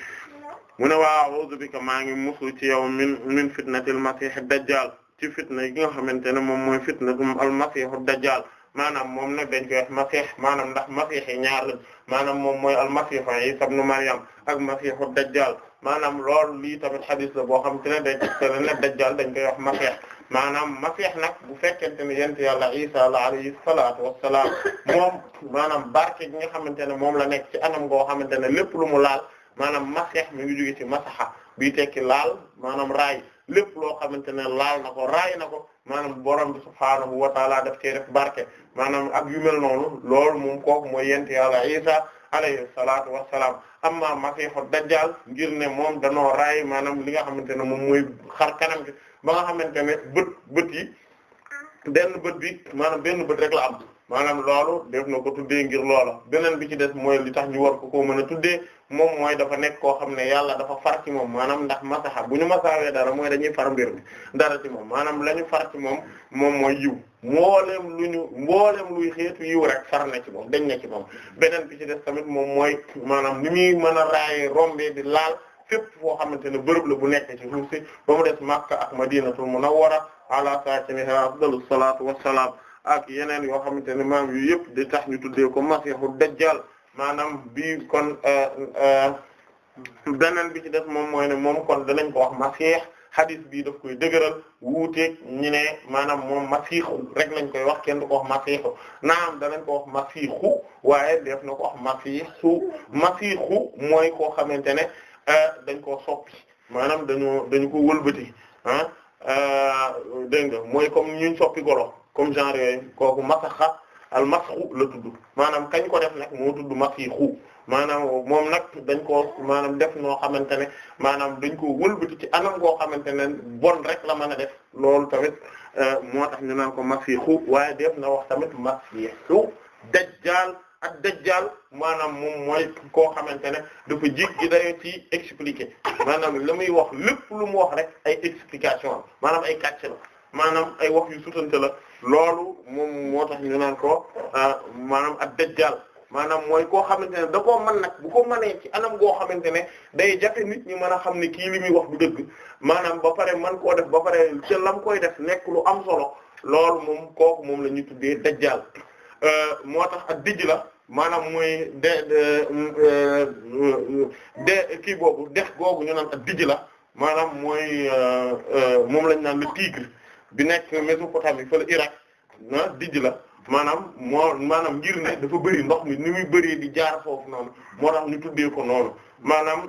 mu ne waa a'uuzu bika maa ngi musu ci yow min min fitnatil masiih dajjal ci fitna yi nga xamante ne moom mooy fitnatum al masiih dajjal maanaam moom nag dañ koy wax masiih maanaam ndax masiih yi ñaar la maanaam moom mooy al masiih Iisaa ibnu Maryam ak masiihu dajjal maanaam loolu lii tamit xadiis la boo xamante ne day tegtale ne dajjal dañ koy wax masiih maanaam masiix nag bu fekkente ne yent yàlla isa la alayhi salaatu wassalaam moom maanaam barke gi nga xamante ne moom la nekk ci anam goo xamante ne lépp lu mu laal maanaam masih mi ngi jóge ci masaxa bi tekki laal maanaam raay lépp loo xamante ne laal na ko raay na ko maanaam borom bi subhaanahu wa taala daf cee def barke maanaam ak yu noonu lool moom kooku mooy yent yàlla isa alayhi salaatu wassalaam amma masiixu dajjal ngir ne moom danoo raay maanaam li nga xamante ne moom mooy xar kanam gi ba nga xamante ne bët bët yi benn bët bi maanaam benn bët rek la am maanaam loolu def na ko tuddee ngir loola beneen bi ci des mooy li tax ñu war ko koo mën a tuddee moom mooy dafa nekk koo xam ne yàlla dafa far ci moom maanaam ndax masaxa bu ñu masaawee dara mooy dañuy far mbir mi dara ci moom maanaam la ñu far ci moom moom mooy yiw mbooleem lu ñu mbooleem luy xeetu yiw rek far na ci moom dañ na ci moom beneen bi ci des tamit moom mooy maanaam ni muy mën a raayee rombee di laal fépp foo xamante ne bërëb la bu nekk ci suuf si ba mu des Makka ak Madinatul Munawwara ala saakinihaa afdalu salaatu wassalaam ak yeneen yoo xamante ne maam yu yëpp di tax ñu tuddee ko masiixu dajjal maanaam bii kon euh, euh, beneen bi ci def moom mooy ne moom kon danañ ko wax masiix hadith bi daf koy dëgëral wuuteeg ñi ne maanaam moom masiixu rek lañ koy wax kenn du ko wax masiixu naam danañ ko wax masiixu waaye def na ko wax masiixu masiixu mooy koo xamante ne euh, dañ koo soppi maanaam dañoo dañu ko wëlbati ah nga mooy comme ñuñ soppi golo comme genre yooyu euh, kooku masaxa al masxu la tudd maanaam kañ ko def nag moo tudd xu maanaam moom nag dañ ko maanaam def noo xamante ne maanaam dañ ko wëlbati ci anam goo xamante ne bon rek la mën a def loolu tamit euh, moo tax ñu naan ko masixu waaye def na wax tamit masixu dajjaal ak dajjaal maanaam moom mooy koo xamante ne dafa jéggi dayo ci expliquer maanaam la muy wax lépp lu mu wax rek ay explication maanaam ay kàcc la maanaam ay wax yu sutante la loolu moom moo tax ñu naan ko ah, maanaam ak dajjal maanaam mooy koo xamante ne da koo mën nag bu ko mënee ci anam goo xamante ne day jafe nit ñi man a xam ne kii li muy wax du dëgg maanaam ba pare man koo def ba pare ca lam koy def nekk lu am solo loolu moom kooku moom la ñu tuddee dajjal euh, moo tax ak dijj la maanaam muy euh, de kii boobu dex googu ñu naan la maanaam mooy euh, moom lañ naan le tigre bi nekk Mésopotamie fële Irak ah la maanaam moo maanaam ngir ne dafa bëri ndox mi ni muy bëri di jaar foofu noonu moo tax ñu tuddee ko noonu maanaam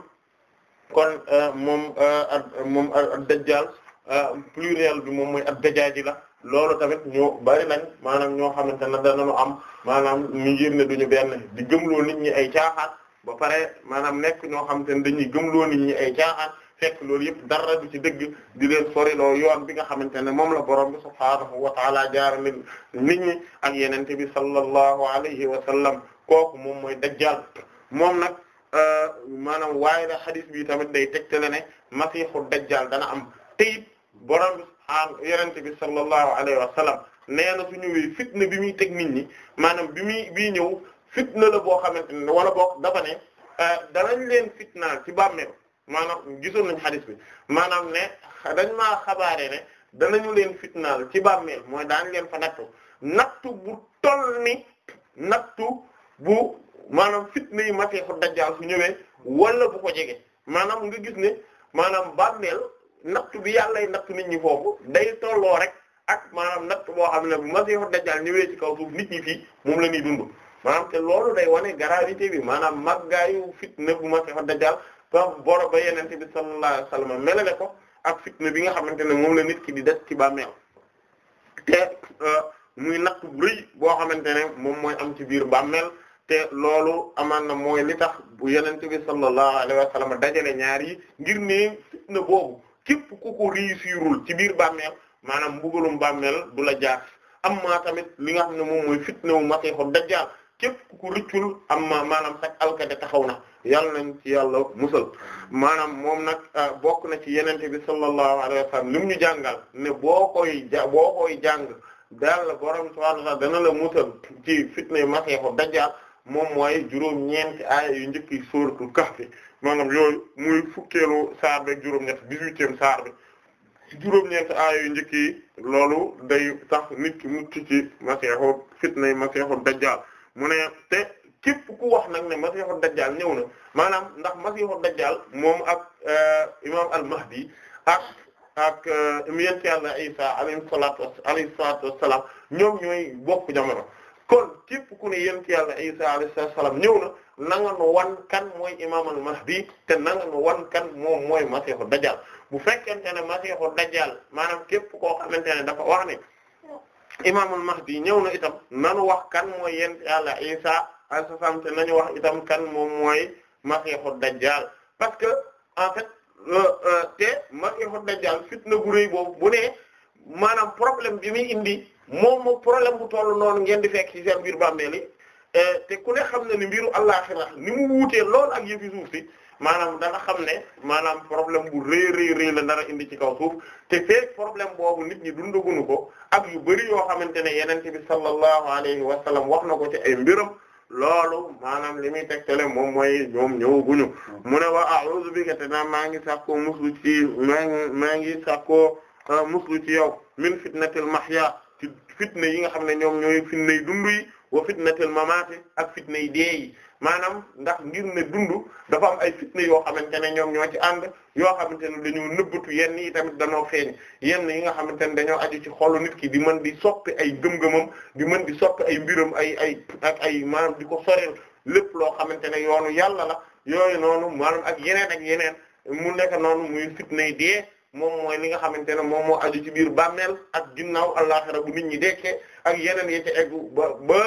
kon euh, moom euh, ak moom ak dajjal euh, pluriel bi moom mooy ak dajaaji la loolu tamit ñu bari nañ maanaam ñoo xamante ne danañu am maanaam ñu ngir ne duñu benn di gëmloo nit ñi ay caaxaat ba pare maanaam nekk ñoo xamante ne dañuy gëmloo nit ñi ay caaxaat fekk loolu yëpp dara du ci dëgg di leen soriloo yoon bi nga xamante ne moom la borom bi subhaanahu wa taala jaar leen nit ñi ak yenente bi sallallahu alayhi wa sallam kooku moom mooy dajjal moom nag euh, maanaam waaye la hadith bi tamit day teg ne masiixu dajjal dana am te it borom bi subhaanahu yenente bi sallallahu alayhi wa sallam nee na su ñëwee fitna bi muy teg nit ñi maanaam bi muy bii ñëw fitna la boo xamante ne wala book dafa ne euh, danañ leen fitnaal ci bàmmeel maanaam gisoon nañ xadis bi maanaam ne dañ maa xabaare ne danañu leen fitnaal ci bàmmeel mooy daañ leen fa nattu nattu bu toll ni nattu bu maanaam fitna yu matee fa dajjaal su ñëwee wala bu ko jege maanaam nga gis ne maanaam bàmmeel nattu bi yàllay nattu nit ñi foofu day tolloo rek ak maanaam natt boo xam ne bu masiixu dajjaal ñëwee ci kaw suuf nit ñi fii moom la ñuy dund maanaam te loolu day wane gravité bi maanaam màggaayu fitna bu masiixu dajjaal ba boro ba yenente bi sallallahu alayhi wasallam melale ko ak fitna bi nga xamante ne moom la nit ki di des ci bàmmeel te euh, muy naq bu rëy boo xamante ne moom mooy am ci biir bàmmeel te loolu amaan na mooy li tax bu yenente bi sallallahu alayhi wasallam dajale ñaar yi ngir ne fitna boobu képp ku ko réussirul ci biir bàmmeel maanaam mbugalum bàmmeel du la jaar amma tamit li nga xam ne moom mooy fitna wu da jaar képp ku ko am amma maanaam sax alkade taxaw na yàlla nañ ci yàlla musal maanaam moom nag ah, bokk na ci yenente bi sallallahu alayhi wa sallam li mu ñu jàngal ne boo koy ja boo koy jàng daal la borom subhaanahu wa ta'aala dana la musal ci fitne masiixu dajjaal moom mooy juróom ñeenti aaya njëkk yi sóoratul maanaam yooyu muy fukkeelu saar beeg juróom-ñett dix saar bi juróom-ñeenti aaya yu loolu day tax nit ki mucc ci masiixu fitne masiixu dajjaal mu ne te képp ku wax nag ne masiixu dajjal ñëw na maanaam ndax masiixu dajjal moom ak euh, imaam al-Mahdi ak ak euh, yonent Yàlla Isa alayhi salaatu alayhi ñooy bokk jamono kon képp ku ne yonent Yàlla Isa alayhi salaatu wassalaam ñëw na nanga nu wan kan mooy imaam al-Mahdi te nanga nu wan kan moom mooy masiixu dajjal bu fekkente ne masiixu dajjal maanaam képp koo xamante ne dafa wax ne imaamul Mahdi ñëw na itam nanu wax kan mooy yonent Yàlla Isa a wasallam te nañu wax itam kan moom mooy masiixu dajjal parce que en fait euh, euh, te masiixu dajjal fit na rëy boobu bu ne maanaam problème bi muy indi moom moom problème bu tollu noonu ngeen di fekk ci seen biir bàmmeel yi euh, te ku ne xam na ni mbiru àllaxira ni mu wuutee lool ak yëfi suuf si maanaam daa xam ne maanaam problème bu rëy rëy rëy la dara indi ci kaw suuf te feek problème boobu nit ñi dundaguñu ko ak yu bari yoo xamante ne yenente bi sallallahu alayhi wa sallam ko ci ay mbiram loolu maanaam li muy tegtale moom mooy ñoom ñëwaguñu mu ne wa a'udhu bika te naa maa ngi sàkkoo muslu ci maa maa ngi sàkkoo ah, muslu ci yow min fitnatil mahya ci yi nga xam ne ñoom ñooy fitnay dund yi wa fitnatil mamati ak fitnay dee maanaam ndax ngir ne dund dafa am ay fitna yoo xamante ñoom ñoo ci ànd yoo xamante ne dañoo nëbbatu yenn yi tamit dañoo feeñ yenn yi nga xamante ne dañoo aju ci xolu nit ki di mën di sopp ay gëm-gëmam di mën di sopp ay mbiram ay ay ay maanaam di ko soreel lépp loo xamante ne yoonu yàlla la yooyu noonu maanaam ak yeneen ak yeneen mu nekk noonu muy fitna yi dee moom mooy li nga xamante ne moom moo aju ci biir bàmmeel ak ginnaaw àllaxira bu nit ñi dekkee ak yeneen yi ci ba ba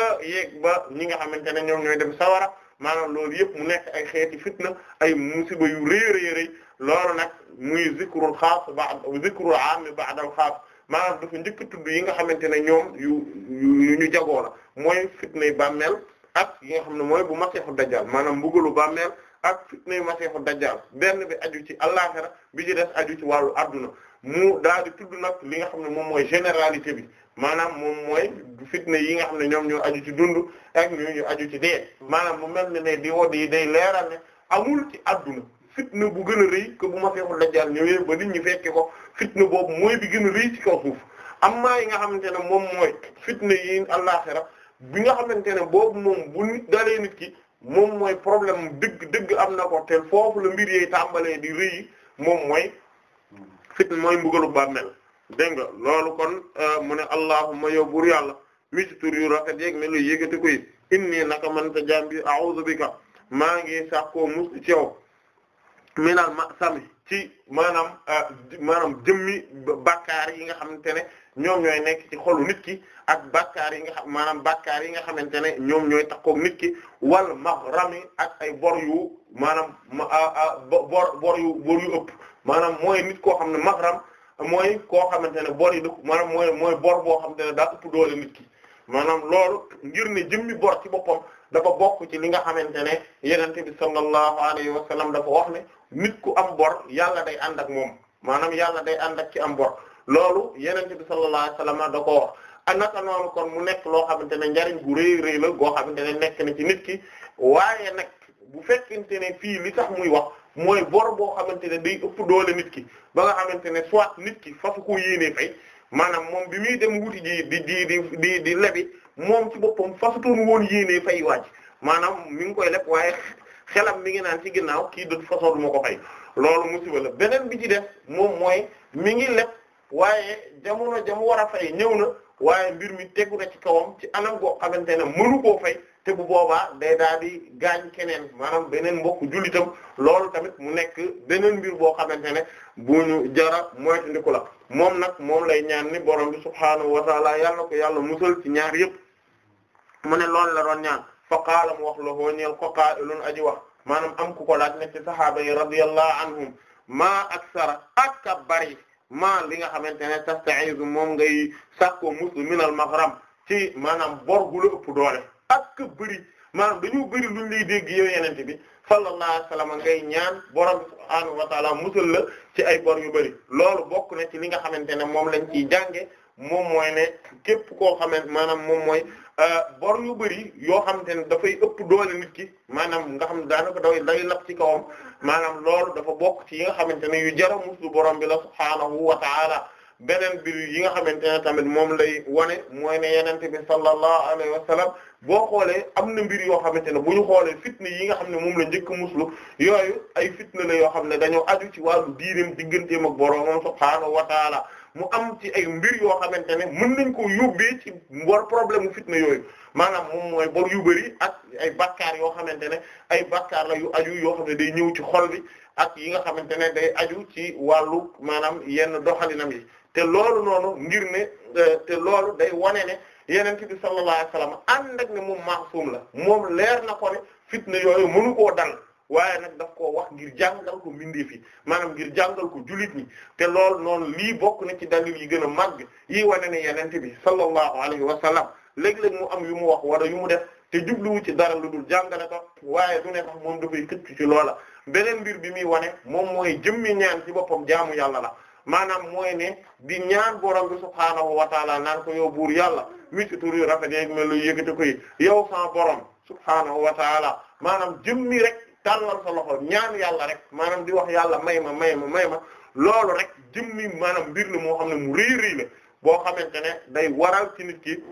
ba ñi nga xamante ne ñoom ñooy dem sawara maana loolu yëpp mu nekk ay xeeti fitna ay musiba yu rëy rëy rëy loolu nag muy zikrul xaas ba zikrul aam ba'dal xaas maanaam dafa njëkk tudd yi nga xamante ne ñoom yu yu ñu jagoo la mooy fitnay bàmmeel ak yi nga xam ne mooy bu masiixu dajjal maanaam mbugalu bàmmeel ak fitnay masiixu dajjal benn bi aju ci àllaxira bi ci des aju ci wàllu adduna mu daal di tudd nag li nga xam ne moom mooy généralité bi maanaam moom mooy fitna yi nga xam ne ñoom ñoo aju ci dund ak ñu ñu aju ci dee maanaam mu mel ne ne di wodd day leeral ne amul ci adduna fitna bu gën a rëy que bu ma feexul dajjaal ñëwee ba nit ñi fekke ko fitna boobu mooy bi gën a rëy ci kaw suuf amma yi nga xamante ne moom mooy fitna yi àllaxira bi nga xamante ne boobu moom bu dalee nit ki moom mooy problème dëgg dëgg am na ko te foofu la mbir yee tàmbalee di rëy moom mooy fit mooy mbugalu bàmmeel dégg nga loolu kon euh, mu ne allahumma yow buur yàlla mi ci tur yu rafet yeeg melu yëkkati ko yi inni naka man ta jaam bi a'udhu bika maa ngi sàkkoo mus ci yow minal ma sami ci maanaam euh, maanaam jëmmi bakkaar yi nga xamante ne ñoom ñooy nekk ci xolu nit ki ak bakkaar yi nga xam maanaam bakkaar yi nga xamante ne ñoom ñooy takkoog nit ki wal maghrami ak ay bor yu maanaam bor bor yu bor ëpp maanaam mooy nit koo xam ne mahram mooy koo xamante ne bor yi da maanaam mooy mooy bor boo xamante ne daa ëpp doole nit ki maanaam loolu ngir ne jëmmi bor ci boppam dafa bokk ci li nga xamante ne yenente bi sallallahu alayhi wa sallam dafa wax ne nit ku am bor yàlla day ànd ak moom maanaam yàlla day ànd ak ci am bor loolu yenente bi sallallahu alayhi wa sallam da ko wax ah, naka noonu kon mu nekk loo xamante ne njariñ gu rëy rëy la goo xamante ne nekk na ci nit ki waaye nag bu fekkente ne fii li tax muy wax mooy bor boo xamante ne day ëpp doole nit ki ba nga xamante ne soit nit ki fafu ko yéenee fay maanaam moom bi muy dem wuti ji di di di di di lebi moom ci boppam fasutoon woon yéenee fay waaj maanaam mi ngi koy leb waaye xelam mi ngi naan ci ginnaaw kii de façon du ma ko fay loolu musiba la beneen bi ci def moom mooy mi ngi leb waaye jamono jam war a fay ñëw na waaye mbir mi tegu na ci kawam ci anam goo xamante ne mënu koo fay te bu boobaa day daal di gaañ keneen maanaam beneen mbokk jullitam loolu tamit mu nekk beneen mbir boo xamante ne bu ñu jara moytandiku la moom nag moom lay ñaan ni borom bi subhaanahu wa taala yàlla ko yàlla musal ci ñaar yëpp mu ne loolu la doon ñaan fa qaala mu wax lahoo ñeel ko qaa'ilun aji wax maanaam am ku ko laaj ne ci sahaaba yi radiyallahu anhum maa aksara akka bari ma li nga xamante ne tasta'izu moom ngay sàkkoo musliminal maghram ci maanaam bor gu la ëpp doole ak bëri maanaam dañoo bëri luñ lay dégg yow yenente bi sallallahu alayhi wasallam ngay ñaan borom subhaanahu wa taala musal la ci ay bor yu bëri loolu bokk na ci li nga xamante ne moom lañ ciy jànge moom mooy ne képp koo xamante maanaam moom mooy euh, bor yu bëri yoo xamante ne dafay ëpp doole nit ki maanaam nga xam daanaka day day lap ci kawam maanaam loolu dafa bokk ci yi nga xamante ne yu jara muslu borom bi la subhaanahu wa beneen bi yi nga xamante ne tamit moom lay wane mooy na yenente bi sallallahu alayhi wa sallam boo xoolee am na mbir yoo xamante ne bu ñu xoolee fitna yi nga xam ne moom la njëkk muslu yooyu ay fitna la yoo xam ne dañoo aju ci wàllu diineem digganteem ak boroomam subhaanahu wa taala mu am ci ay mbir yoo xamante ne mën nañ ko yóbbee ci war problème mu fitna yooyu maanaam moom mooy bor yu ak ay bakkaar yoo xamante ne ay bakkaar la yu aju yoo xam ne day ñëw ci xol bi ak yi nga xamante ne day aju ci wàllu maanaam yenn doxalinam yi te loolu noonu ngir ne euh, te loolu day wane ne yeneen bi sallallahu alayhi wasallam ànd ak ne moom maasum la moom leer na ko ne fitna yooyu mënu koo dal waaye nag daf koo wax ngir jàngal ko mbindeef yi maanaam ngir jàngal ko jullit ñi te lool noonu lii bokk na ci dalil yi gën a màgg yi wane ne yeneen bi sallallahu alayhi wasallam léeg-léeg mu am yu mu wax wala yu mu def te jubluwu ci dara lu dul jàngale ko waaye du ne sax ci loola beneen mbir bi muy wane moom mooy jëmmi ñaan ci boppam jaamu yàlla la maanaam mooy ne di ñaan borom bi subhaanahu wa naan ko yow buur yàlla mi ci tur yu rafet yeeg mel lu yëkkati koy yow sans borom subhaanahu wa maanaam jëmmi rek tàllal sa loxo ñaan yàlla rek maanaam di wax yàlla may ma may ma may ma lool rek jëmmi maanaam mbir la moo xam ne mu rëy rëy la boo xamante ne day waral ci nit ki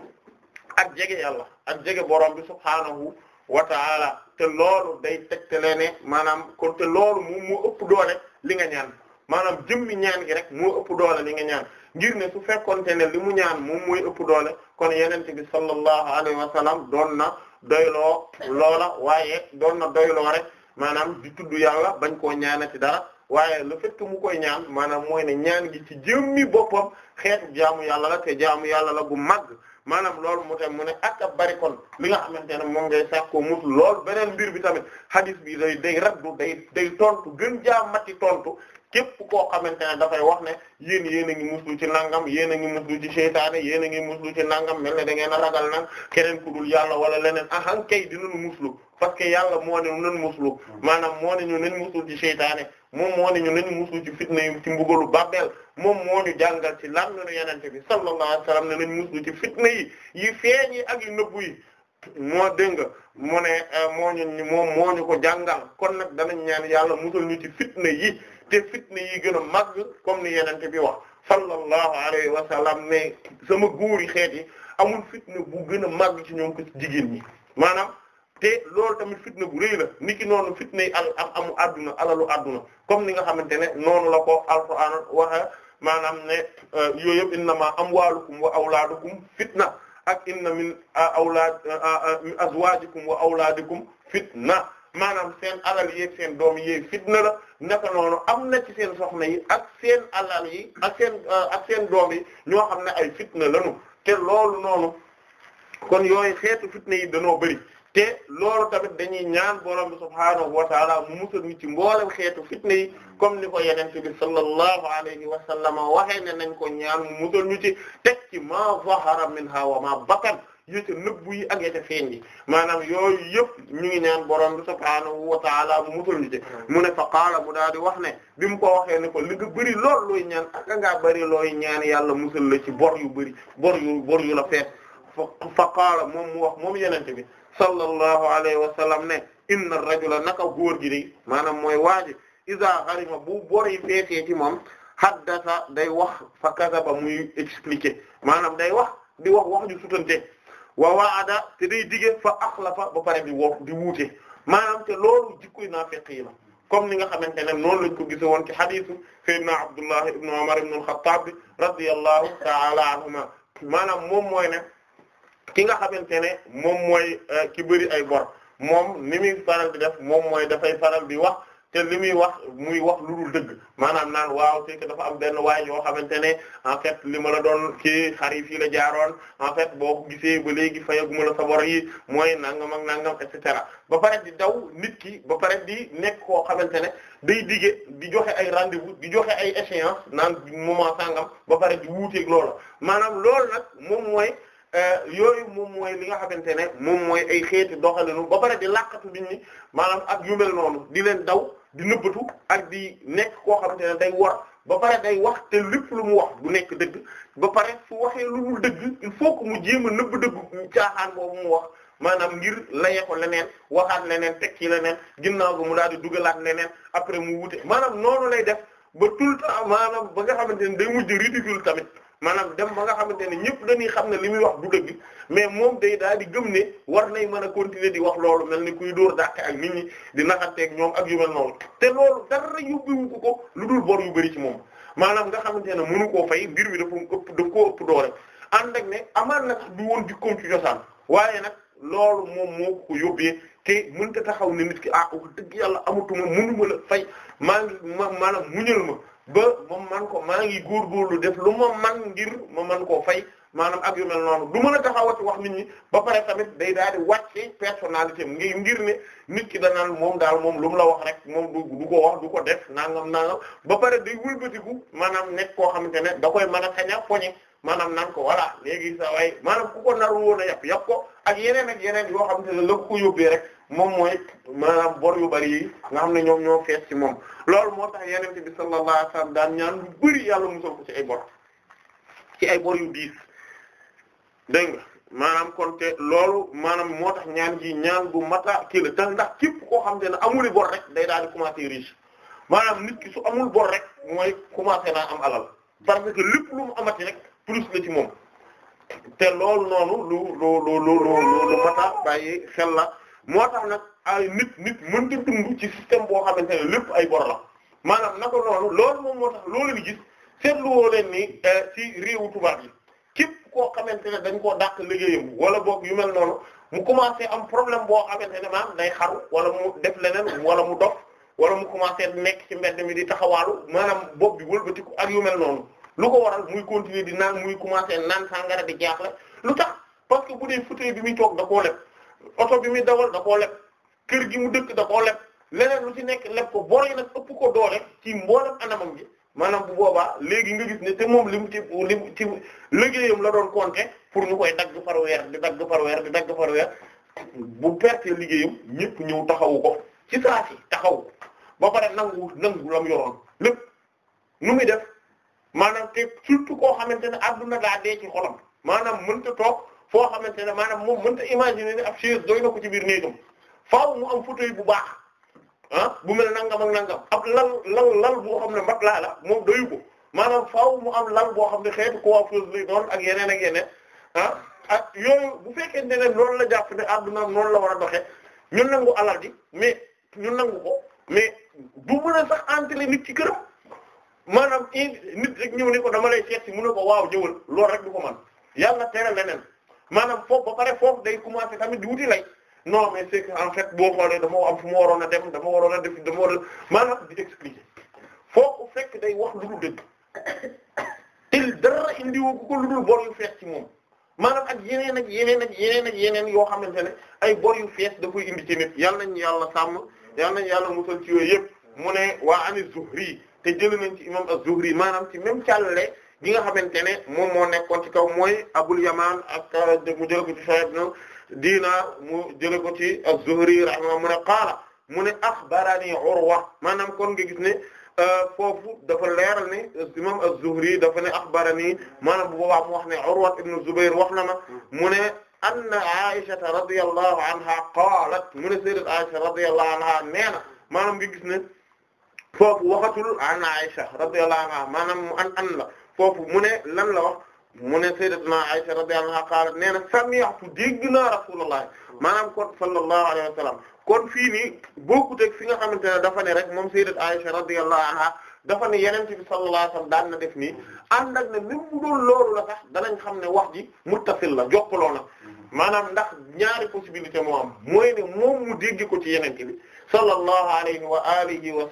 ak jege yàlla ak jege borom bi subhaanahu wataala te loolu day tegtale ne maanaam kon te loolu moom moo ëpp doole li nga ñaan maanaam jëmmi ñaan gi rek mu ëpp doole li nga ñaan ngir ne su te ne li mu ñaan moom mooy ëpp doole kon yenente bi sallallahu alayhi wa sallam doon na doyloo loola waaye doon na doyloo rek maanaam di tudd yàlla bañ koo ñaanati dara waaye le fait mu koy ñaan maanaam mooy ne ñaan gi ci jëmmi boppam xeetu jaamu yàlla la te jaamu yàlla la gu màgg maanaam loolu mu tam mu ne ak a bari kon li nga xamante ne moom ngay sàkkoo musul loolu beneen mbir bi tamit hadith bi day day raddu day day tontu gën jaa matti tontu képp koo xamante ne dafay wax ne yéen yéen a ngi muslu ci nangam yéen a ngi muslu ci seytaane yéen a ngi muslu ci nangam mel ne da ngeen a ragal nag keneen ku yàlla wala leneen ahan kay dinañu muslu parce que yàlla moo ne nañ muslu maanaam moo ne ñu nañ muslu ci seytaane moom moo ne ñu nañ muslu ci fitna yi ci mbugalu bàbbeel moom moo ñu jàngal ci lan la yenente bi sallallahu alayhi wa sallam ne nañ muslu ci fitna yi yi feeñ ak yu nëbbu yi moo dégg nga mu ne euh, moo ñu moom moo ñu ko jàngal kon nag danañ ñaan yàlla musal ñu ci fitna yi te fitna yi gën a màgg comme ni yenente bi wax sallallahu alayhi wa sallam ne sama góor yi xeet yi amul fitna bu gën a màgg ci ñoom jigéen ñi te loolu tamit fitna bu rëy la niki noonu fitna yi al am amu adduna alalu adduna comme ni nga xamante ne noonu la ko alquran waxe maanaam ne euh, yooyu yëpp innama amwaalukum wa awlaadukum fitna ak inna min awlaad azwaajikum wa awlaadikum fitna maanaam seen alal yi seen doom yi fitna la naka noonu am na ci seen soxna yi ak seen alal yi ak seen euh, ak doom yi ñoo xam ne ay fitna lañu te loolu noonu kon yooyu seetu fitna yi danoo bari te loolu tamit dañuy ñaan borom bi subhaanahu wa mu musal ñu ci mboolem xeetu fitna yi comme ni ko yenen yenente bi sallallahu alayhi wa sallam waxee ne nañ ko ñaan mu musal ñu ci teg ci ma zahara minha wa ma batan yéta nëbbu yi ak yéta feeñ yi maanaam yooyu yëpp ñu ngi ñaan borom bi subhaanahu wa taala mu musal ñu ci mu ne fa qaala mu daal di wax ne bi mu ko waxee ne ko li bëri lool looy ñaan ak ngaa bëri looy ñaan yàlla musal la ci bor yu bëri bor yu bor yu la feet fa qaala moom mu wax moom yenente bi sallallahu a wa sallam ne inna rajula naka góor gi di maanaam mooy waaji isa xarima bu bori feesee ci moom haddasa day wax fa kasaba muy expliquer maanaam day wax di wax wax ju sutante wa waada te day dige fa axlafa ba pare di wo di wuute maanaam te loolu jikkoy naafiq yi la comme ni nga xamante ne noonu lañ ko gise woon ci hadisu sayyidina Abdullah ibn Umar ibn al-Khattab bi radiyallahu ta'ala anhuma maanaam moom mooy ne ki nga xamante ne moom mooy euh, ki bëri ay bor moom ni muy faral di def moom mooy dafay faral di wax te li muy wax muy wax lu dul dëgg maanaam naan waaw c'est que dafa am benn waay yoo xamante ne en fait li ma la doon ci xarit fii la jaaroon en fait boo gisee ba léegi fayaguma la sa yi mooy nangam ak nangam et cetera ba pare di daw nit ki ba pare di nekk koo xamante ne day dige di joxe ay rendez-vous di joxe ay échéance naan moment sangam ba pare di wuuteeg loola maanaam loolu nag moom mooy. Euh, yooyu moom mooy li nga xamante ne moom mooy ay xeeti doxalinu ba pare di làqatu nit ni maanaam ak yu mel noonu di leen daw di nëbbatu ak di nekk koo xamante ne day war ba pare day wax te lépp lu mu wax du nekk dëgg ba pare su waxee lu dul dëgg il faut que mu jéem a nëbb dëgg caaxaan boobu mu wax maanaam ngir laye ko leneen waxaat leneen teg ci leneen ginnaaw bi mu daal di dugalaat leneen après mu wute maanaam noonu lay def ba tul le temps maanaam ba nga xamante ne day mujj ridicule tamit. maanaam dem ba nga xamante ne ñëpp dañuy xam ne li muy wax du dëgg mais moom day daal di gëm ne war nay mën a continuer di wax loolu mel ni kuy dóor dàqe ak nit ñi di naxatteeg ñoom ak yu mel noonu te loolu dara yóbbuwu ko ko lu dul boor yu bari ci moom maanaam nga xamante ne mënu koo fay mbir bi dafa ëpp daf koo ànd ak ne amaan na sax du woon jikkoom ci cosaan waaye nag loolu moom moo ko yóbbee te mënut a taxaw ne nit ki ah wax dëgg yàlla amatuma mënuma la fay maa ngi ma maanaam muñal ma ba moom man ko maa ngi góorgóorlu def lu ma man ngir ma man koo fay maanaam ak yu mel noonu du mën a taxawa taxawati wax nit ñi ba pare tamit day daal di wàcce personnalité ngir ngir ne nit ki danaan moom daal moom lu mu la wax rek moom du du ko wax du ko def nangam nangam ba pare day wëlbatiku maanaam nekk koo xamante ne da koy mën a xañ a maanaam naan ko voilà léegi sa waay maanaam ku ko naru woon a yàpp yàpp ko ak yeneen ak yeneen yoo xam ne la ko yóbbee rek moom mooy maanaam bor yu bari yi nga xam ne ñoom ñoo fees ci moom loolu moo tax yenente bi sallallahu alayhi wasallam daan ñaan lu bari yàlla musal ko ci ay bor ci ay bor yu diis dégg nga maanaam kon te loolu maanaam moo tax ñaan gi ñaan bu mata kii la te ndax képp xam te amul amuli bor rek day daal di commencer riche maanaam nit ki su amul bor rek mooy commencer am alal parce que lépp lu plus la ci moom te loolu noonu lu lu lu lu lu lu mata bàyyi xel la moo tax nag ay nit nit mënta dund ci système boo xamante ne lépp ay bor la maanaam naka noonu loolu moom moo tax loolu ni gis seetlu woo leen ni eh, ci réewu tubaab yi képp koo xamante ne dañ koo dàq liggéeyam wala boog yu mel noonu mu commencé am problème boo xamante ne maanaam day xaru wala mu def leneen wala mu dof wala mu commencé nekk ci mbedd mi di taxawaalu maanaam bopp bi wëlbatiku ak yu mel noonu lu ko waral muy continuer di naan muy commencer naan sangara di jaaxle lu tax parce bu dee fauteuil bi muy toog da koo leb oto bi muy dawal da koo leb kër gi mu dëkk da koo leb leneen lu ci nekk leb ko bor yi nag ëpp ko doole ci mboolem anamam gi maanaam bu boobaa léegi nga gis ne te moom li mu ci li mu ci liggéeyam la doon compter pour ñu koy dagg par weer di dagg par weer di dagg par weer bu perte liggéeyam ñëpp ñëw taxawu ko ci saa si taxawu ba pare nangu nangu lépp nu muy def. maanaam te surtout koo xamante ne adduna daa dee ci xolam maanaam mënta toog foo xamante ne maanaam moom mënta imaginer ne ab chaise doy na ko ci biir néegam faaw mu bu baax ah bu mel nangam ak nangam ab lal lal lal boo xam ne mat laa la moom doyu maanaam faaw mu am lal boo xam ne xeetu coiffeuse lay doon ak yeneen ak yeneen ah ak yooyu bu fekkente ne noonu la jàpp ne adduna noonu la war a doxee ñu nangu alal ji mais ñun nangu ko mais du mën a sax entrer nit ci këram. maanaam nit rek ñëw ne ko dama lay seet si mu ne ko waaw jëwal loolu rek du ko man yàlla tere leneen maanaam foofu ba pare foofu day commencer tamit di wuti lay non mais c'est que en fait boo xoolee dama am fu ma waroon a dem dama waroon a def dama waroon maanaam di expliquer foofu fekk day wax lu dul dëgg il dara indiwu ko lu dul bor yu fees ci moom maanaam ak yeneen ak yeneen ak yeneen ak yeneen yoo xamante ne ay bor yu fees da koy indi ci nit yal nañu yàlla sàmm yal nañu yàlla musal ci yooyu yëpp mu waa ani Zuhri te jëlee nañ ci imam az-Zuhri maanaam ci même càllale gi nga xamante ne moom moo nekkoon ci kaw mooy Abul Yamaan ak mu jëlee ko ci Shu'ayb ibn Diinaar mu jëlee ko ci az-Zuhri rahimahullah mu ne qaala mu ne axbarani Urwa maanaam kon nga gis ne euh, foofu dafa leeral ne imam az-Zuhri dafa ne axbarani maanaam bu boobaa mu wax ne Urwa ibn Zubayr wax na ma mu ne anna Aisha radiyallahu anha qaalat mu ne sayyidat Aisha radiyallahu anha nee na maanaam nga gis ne. foofu waxatul an Aisha radiyallahu anha maanaam mu an an la foofu mu ne lan la wax mu ne sayyidatuna Aisha radiyallahu anha qalat nee na sami'tu dégg naa rasulullah maanaam kon sallallahu alayhi wa sallam kon fii nii bokkut ak fi nga xamante ne dafa ne rek moom sayyidat Aisha radiyallahu anha dafa ne yeneen bi sallallahu alayhi wa na def nii ànd ak ne loolu la tax danañ xam ne wax mu muttasil la jokkaloo na maanaam ndax ñaari possibilité moo am mooy ne moom mu dégg ko ci yeneen bi sallallahu alayhi wa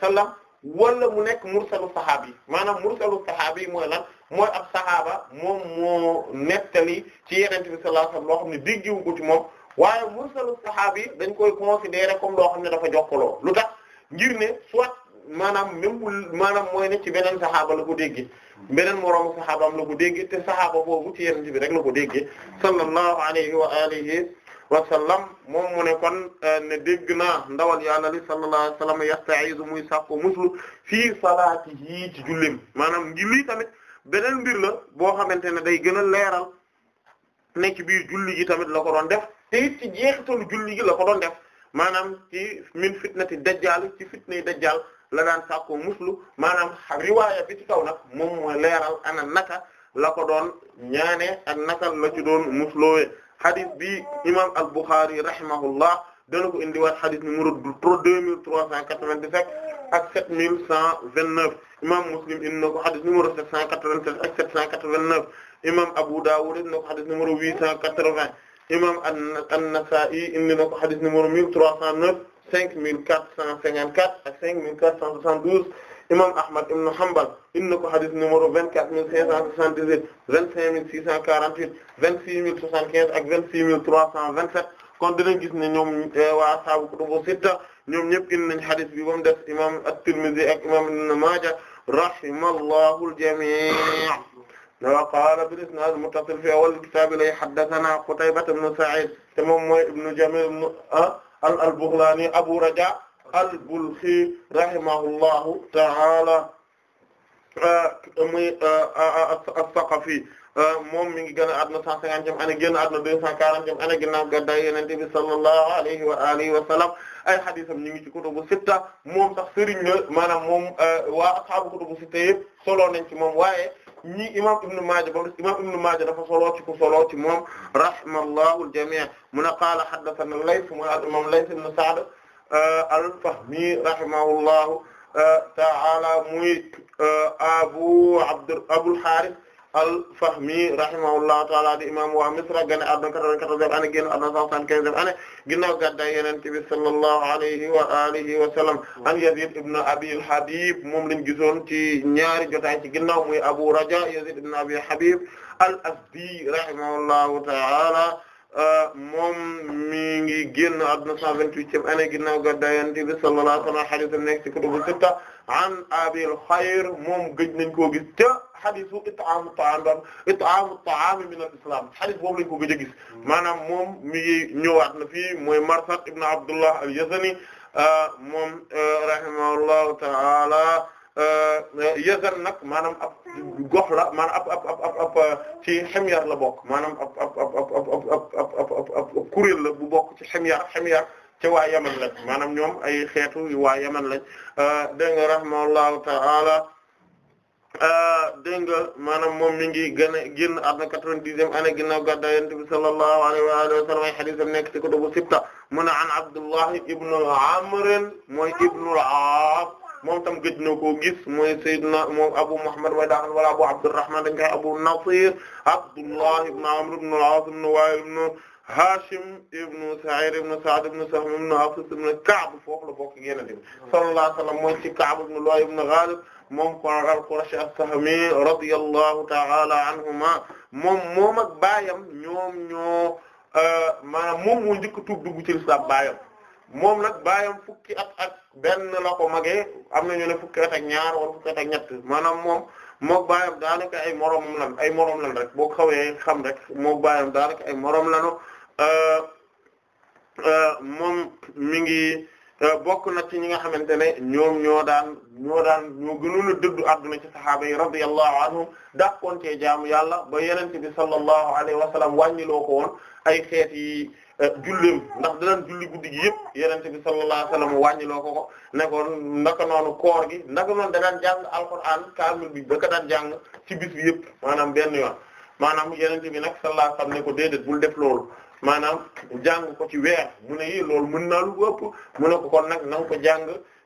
wala mu nekk mursalu saxaab yi maanaam mursalu saxaab yi mooy lan mooy ab saxaaba moom mo nettali ci yenente bi sallallahu alayhi wasallam loo xam ne déggiwu ko ci moom waaye mursalu saxaab yi dañ koy considérer comme loo xam ne dafa jokkaloo lu tax ngir ne soit maanaam même maanaam mooy ne ci beneen saxaaba la ko déggee beneen moroomu saxaabaam la ko déggee te saxaaba boobu ci yenente bi rek la ko déggee sallallahu alayhi wa alihi wa sallam moom mu ne kon eh, ne dégg naa ndawal yàlla li sallallahu alayhi wa sallam yasta'izu muy sàkko muslu fii salaatihi ci jullim maanaam ngi tamit beneen mbir la boo xamante ne day gën a leeral ne ci biir julli gi tamit la ko doon def te it ci jeexitalu julli gi la ko doon def maanaam ci min fitnati dajjaal ci fitnay dajjaal la daan sàkko muslu maanaam riwaaya bi ci kaw nag moom mooy leeral ana naka la ko doon ñaane ak naka la ci doon musloowe xadis bi imam al-Bukhari rahimahullah dana ko indiwaat xadis numéro 2397 ak 7129 imam Muslim indi na ko xadis numéro 787 ak 789 imam Abu Dawud indi na ko xadis numéro 880 imam an-Nasa'i indi na ko xadis numéro 1309 5454 ak 5472 imam Ahmad ibn Hanbal indi na ko hadith numéro vingt-quatre mille cinq cent soixante-dix-huit vingt-cinq mille six cent quarante-huit vingt-six mille soixante-quinze ak vingt-six mille trois cent vingt-sept kon dinañ gis ne ñoom eh, waa ashaabu kutubu sitta ñoom ñëpp indi nañ hadith bi ba mu def imam at-Tirmidhi ak imam Ibn Maaja rahimallahu al-jamii' wa qaala bil-isnaad al-muttasil fi awwal al-kitaab ilayhi haddathanaa Qutaybata ibn Sa'iid te moom mooy ibn Jamiil ah, al-Baghlaani Abu Rajaa al-Balkhi rahimahullahu ta'ala euh, muy euh, as-Saqafi euh, moom mi ngi gën a àdduna 150 ani génn àdduna 240 ani ginnaaw gàddaay Yonent bi sallallahu alayhi wa alihi wa sallam ay hadisam ñu ngi ci kutubu sitta moom sax sëriñ la maanaam moom waa ashaabu kutubu sitta yëpp solo nañ ci moom waaye ñi imam Ibn Maaja ba imam Ibn Maaja dafa solo ci ku solo ci moom rahimallahu al-jamii' mun a qaala haddathana Layth mun a imam Layth ibn Sa'd al-Fahmi rahimahullahu ta'ala muy Abu Abd Abul Harith al-Fahmi rahimahullahu ta'ala di imam wa Misra gane àdduna 94 année génn àdduna 175 année ginnaaw gàddaay Yonent bi sallallahu alayhi wa alihi wa sallam an Yazid ibn Abi Habib moom lañ gisoon ci ñaari jotaay ci ginnaaw muy Abu Raja Yazid ibn Abi Habib al-Azdi rahimahullahu ta'ala Euh, moom mi ngi génn àdduna 128e année ginnaaw gàddaay Yonent bi sallallahu alayhi wa sallam hadith nekk ci kutubu sitta an Abil Khayr moom gëj nañ koo gis te hadithu it'aamu ta'aam it'aamu ta'aam min al-islaam hadith boobu lañ ko gëj a gis maanaam moom mi ngi ñëwaat na fii mooy Marsad ibn Abdullah al-Yazani euh, moom euh, rahimahullahu ta'ala Yazan nag maanaam ab gox la maanaam ab ci Himyar la bokk maanaam ab ab ab ab ab ab ab kuréel la bu bokk ci Himyar Himyar ci waa Yaman lañ maanaam ñoom ay xeetu waa Yaman lañ dégg nga rahimahullahu ta'ala dégg nga maanaam moom mi ngi gën a génn àdduna quatre-vingt-dixième année ginnaaw gàddaay Yonent bi nekk ci kutubu sitta mu ne an Abdullah ibn Amr mooy ibn al moom tam gëj na koo gis mooy Seydina moom Abu Muhammad way daaxan wala Abu Abdurrahman dañ koy Abu Nasir Abdullah ibn Amr ibn al-As ibn Wa'il ibn Hashim ibn Sa'id ibn Sa'd ibn Sahm ibn Hafs ibn Ka'b foofu la bokk yeneen dem sallallahu alayhi wa sallam mooy ci Ka'b ibn Lu'ay ibn Ghalib moom ko al-Qurashi as-Sahmi radiyallahu ta'ala anhuma moom moom ak baayam ñoom ñoo euh, maanaam moom moo njëkk tuub dugg ci lislaam baayam moom nag baayam fukki at ak benn la ko magee am na ñu ne fukki at ak ñaar wala fukki at ak ñett maanaam moom moom baayam daanaka ay moroom lan ay moroom lan rek boo xawee xam rek moom baayam daanaka ay moroom lanu euh, euh, moom mi ngi euh, bokk na ci ñi nga xamante ne ñoom ñoo daan ñoo daan ñoo gënoon a dëddu adduna ci sahaaba yi radiyallahu anhum dàqoon cee jaamu yàlla ba yenente bi sallallahu alayhi wa sallam wàññiloo ko woon ay xeet Euh, julleem ndax da daan julli guddi gi yëpp yenente bi sallallahu alayhi wasallam wàññiloo ko ko ne ko noonu koor gi naka noonu da daan jàng alquran kaamil bi da ka daan jàng ci bis bi yëpp maanaam benn yoon maanaam yenente bi nag sallallahu alayhi wasallam ne ko déedéet bul def maanaam jàng ko ci weer mu ne yi loolu mën naa lu ëpp mu ne ko kon nag na ko jàng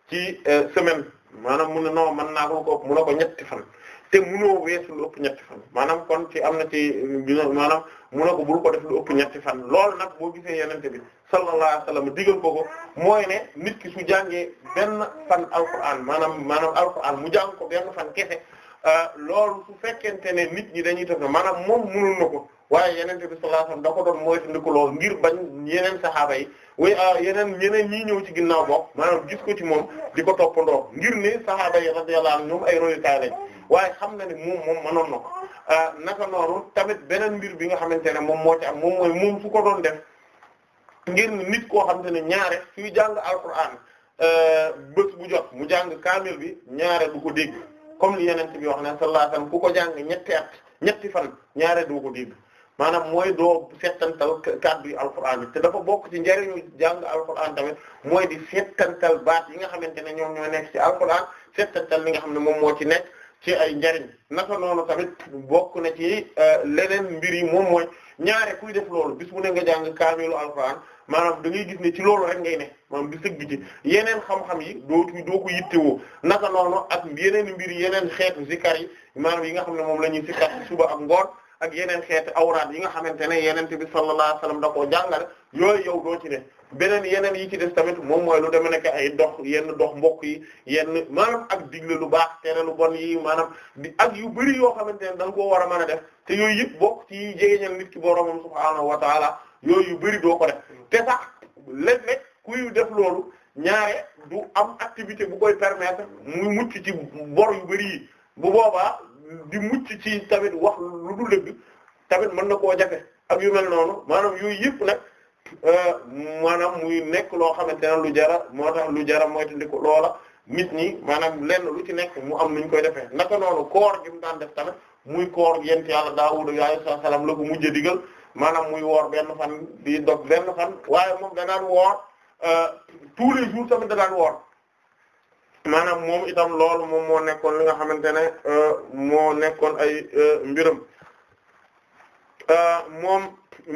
ci euh, semaine maanaam mu ne non mën naa ko ko mu ne ko ñetti fan te munoo weesu lu ëpp ñetti fan maanaam kon ci am na ci maanaam munoo ko bul ko def lu ëpp ñetti fan lool nag boo gisee yenente bi sallallahu alayhi wasallam digal ko ko mooy ne nit ki su jàngee benn fan alquran maanaam maanaam alquran mu jàng ko benn fan kese euh, loolu su fekkente ne nit ñi dañuy def na maanaam moom munul na ko waaye yenente bi sallallahu alayhi wasallam da ko doon moytandiku lool ngir bañ yeneen saxaaba yi way euh, yeneen ñeneen ñii ñëw ci ginnaaw book maanaam gis ko ci moom di ko toppandoo ngir ne saxaaba yi radiyallahu anhum ñoom ay royukaay lañ waaye xam na ne moom moom mënoon na ko ah, naka noonu tamit beneen mbir bi nga xamante ne moom moo ci moom mooy moom su ko doon def ngir nit koo xamante ne ñaare suy jàng alquran euh, bés bu jot mu jàng kaamil bi ñaare du ko dégg comme li yeneen bi wax ne sallallahu alayhi wasallam ku ko jàng ñetti at ñetti fan ñaare du ko dégg maanaam mooy doo settantal kaddu yi alquran bi te dafa bokk ci njariñu jàng alquran tamit mooy di settantal baat yi nga xamante ne ñoom ñoo nekk ci alquran settantal li nga xam ne moom moo ci nekk. ci ay njariñ naka noonu tamit bokk na ci euh, leneen mbir yi moom mooy ñaare kuy def loolu bis bu ne nga jàng kaamilu alxuraan maanaam da ngay gis ne ci loolu rek ngay ne maanaam di sëgg ci yeneen xam-xam yi dootu doo ko yittewoo naka noonu ak yeneen mbir yeneen xeetu zikar yi maanaam yi nga xam ne moom la ñuy zikar suba ak ngoon ak yeneen xeeti awraat yi nga xamante ne yeneen bi sallallahu alayhi wasallam da koo jàngale yooyu yow doo ci ne beneen yeneen yi ci des tamit moom mooy lu deme nekk ay dox yenn dox mbokk yi yenn maanaam ak digle lu baax tere lu bon yi maanaam di ak yu bari yoo xamante ne danga nga koo war a mën a def te yooyu yëpp bokk ci jegeñal nit ki boromam subhaanahu wa taala yooyu yu bari doo ko def te sax léeg-léeg kuy def loolu ñaare du am activité bu koy permettre mu mucc ci bor yu bari bu boobaa di mucc ci tamit wax lu dul dëgg tamit mën na koo jafe ak yu mel noonu maanaam yooyu yëpp nag euh, maanaam muy nekk loo xamante ne lu jara moo tax lu jara mooy ko loola nit ñi maanaam lenn lu ci nekk mu am nuñ koy defee naka noonu koor gi mu daan def tamit muy koor yent yàlla Daawuda alayhi salaam la ko mujj digal maanaam muy woor benn fan di dog benn fan waaye moom da daan woor euh, tous les jours tamit da daan woor maanaam moom itam loolu moom moo nekkoon li nga xamante ne euh, moo nekkoon ay euh, mbiram euh, moom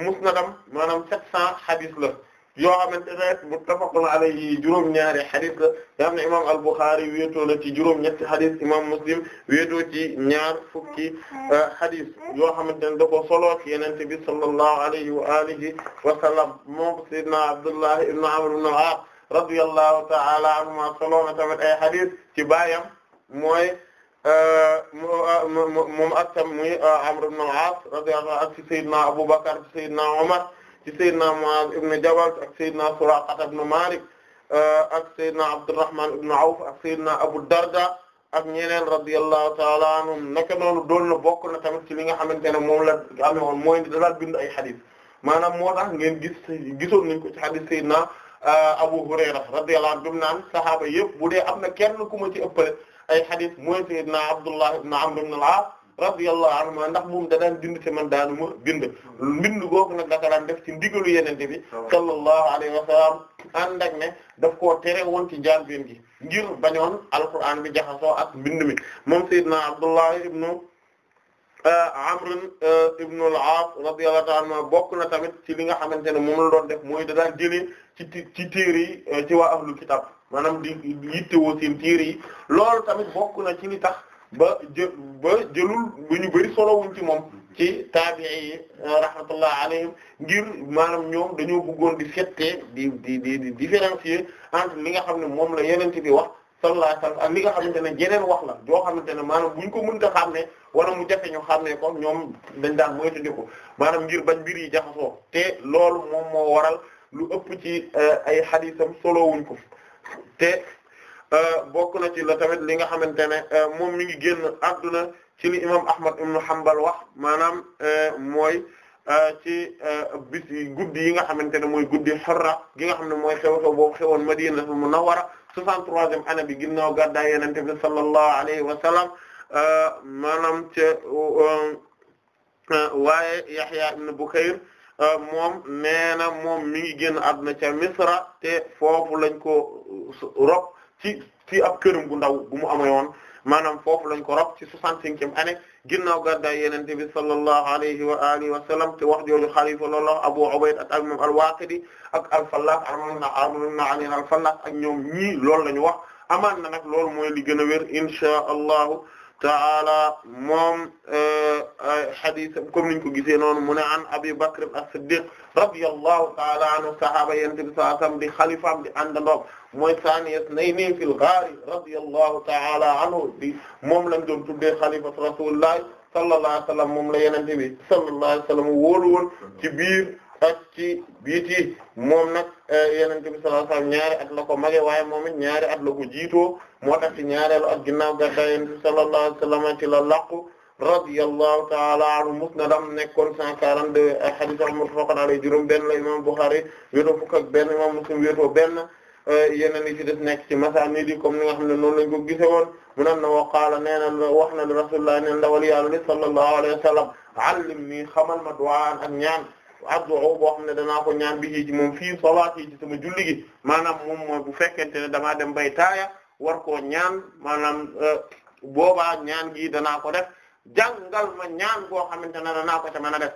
musnadam maanaam sept cent hadith la yoo xamante ne muttafaqun alayhi juróom-ñaari hadith la nga xam ne imaam al-Bukhari wéetoo la ci juróom-ñetti hadith imaam Muslim wéetoo ci ñaar fukki hadith yoo xamante ne da ko solo ci Yonent bi sallallahu alayhi wa alihi wa sallam moom Sayyidina Abdullah ibn Amr ibn al radiyallahu ta'ala anhuma solo na tamit ay hadis ci baayam mooy moom ak tam muy Amr ibn al-As radiyallahu anhu ak ci Seydina Aboubacar ci Seydina Omar ci Seydina Muaz ibn Jabal ak Seydina Suraqa ibn Malik ak Seydina Abdurrahman ibn Awf ak Seydina Abu Darda ak ñeneen radiyallahu ta'ala anhum naka noonu doon na bokk na tamit ci li nga xamante ne moom la amee woon mooy da daal bind ay hadis maanaam moo tax ngeen gis gisoon nañ ko ci hadis Seydina Euh, Abu Hurayra radiyallahu anhu naan saxaaba yëpp bu dee am na kenn ku ma ci ëppale ay xadis mooy sayyidina Abdullah ibn Amr ibn al-As radiyallahu anhu ndax moom da daan bind te man daanu ma bind mbind googu nag daka daan def ci ndigalu yenente bi sallallahu alayhi wa sallam ànd ak ne daf koo tere woon ci njàlbéen gi ngir bañoon alquran bi jaxasoo ak mbind mi moom sayyidina Abdullah ibn euh, Amr euh, ibn al-As radiyallahu anhu bokk na tamit ci li nga xamante ne moom la doon def mooy da daan jëlee ci ci téere yi euh, ci waa ahlul kitab maanaam di yittewoo seen téere yi loolu tamit bokk na ci li tax ba jë ba jëlul bu ñu bëri solowuñ ci moom ci taabi'i yi euh, rahmatullah ngir maanaam ñoom dañoo bëggoon di settee di di di di différencier entre li nga xam ne moom la yeneen ci bi wax sallallahu alayhi wa ak li nga xamante ne jeneen wax la joo xamante ne maanaam buñ ko mënta xam ne wala mu jafe ñu xam ne ko ñoom dañ daan moytandiku maanaam ngir bañ mbir yi jaxasoo te loolu lu ëpp ci euh, ay xadisam solowuñ ko te euh, bokk na ci la tamit li nga xamante ne euh, moom mi ngi génn adduna ci li imam Ahmad ibn Hanbal wax maanaam mooy ci bis yi guddi yi nga xamante ne mooy guddi xorra gi nga xam ne mooy xew-xew boobu xewoon Madina Munawwara 63e année bi ginnaaw gàddaay Yonent bi sallallahu alayhi wa maanaam ca waaye Yahya ibn Bukayr Euh, moom nee na moom mi ngi génn àdduna ca Misra te foofu lañ ko euh, rob ci ci ab këram bu ndaw gu mu amee woon maanaam foofu lañ ko rob ci soixante-cinquième année ginnaaw gàddaay yenente bi sallallahu alayhi wa alihi wa sallam te wax jooju xalifa loolu Abu Ubayd ak al-Imam al-Waqidi ak al-Fallah amna amna ali al-Fallah ak ñoom ñii loolu la ñu wax amaan na nag loolu mooy li gën a wér inshaa Allahu taala moom hadith euh, comme niñ ko gisee noonu mu ne an Abi Bakr as-Siddiq radiyallahu taala anhu sahaaba yonent bi sallallahu alayhi wasallam di xalifaam di àndandoom mooy saani isnayni fil ghaar radiyallahu taala anhu di moom lañ doon tuddee xalifatu rasulullah sallallahu alayhi wasallam moom la yonent bi sallallahu alayhi wasallam wóolu woon ci biir. ak ci biiti moom nag eh, yonent bi sallallahu alayhi wasallam ñaari at la ko mage waaye moom it ñaari at la ko jiitoo moo tax ci ñaareelu at ginnaaw gàddaay yonent bi sallallahu alayhi wasallam ci la làqu radiyallahu ta'ala anhu musnadam nekkoon 142 ay hadith am muttafaqun alayhi juróom benn la imam Bukhari wéetoo fukk ak benn imam Muslim wéetoo benn eh, yeneen yi ci des nekk ci masaanid yi comme ni nga xam ne noonu lañ ko gise woon mu nan na waqaala nee na wax na li Rasulullah neen ndawal yàlla li sallallahu alayhi wasallam allim nii xamal ma du'aan ak ñaan addu'u boo xam ne danaa ko ñaan bi ci moom fii salaati ci sama julli gi maanaam moom mooy bu fekkente ne damaa dem bay taaya war koo ñaan maanaam euh, boobaa ñaan gi danaa ko def jàngal ma ñaan boo xamante ne danaa ko ca a def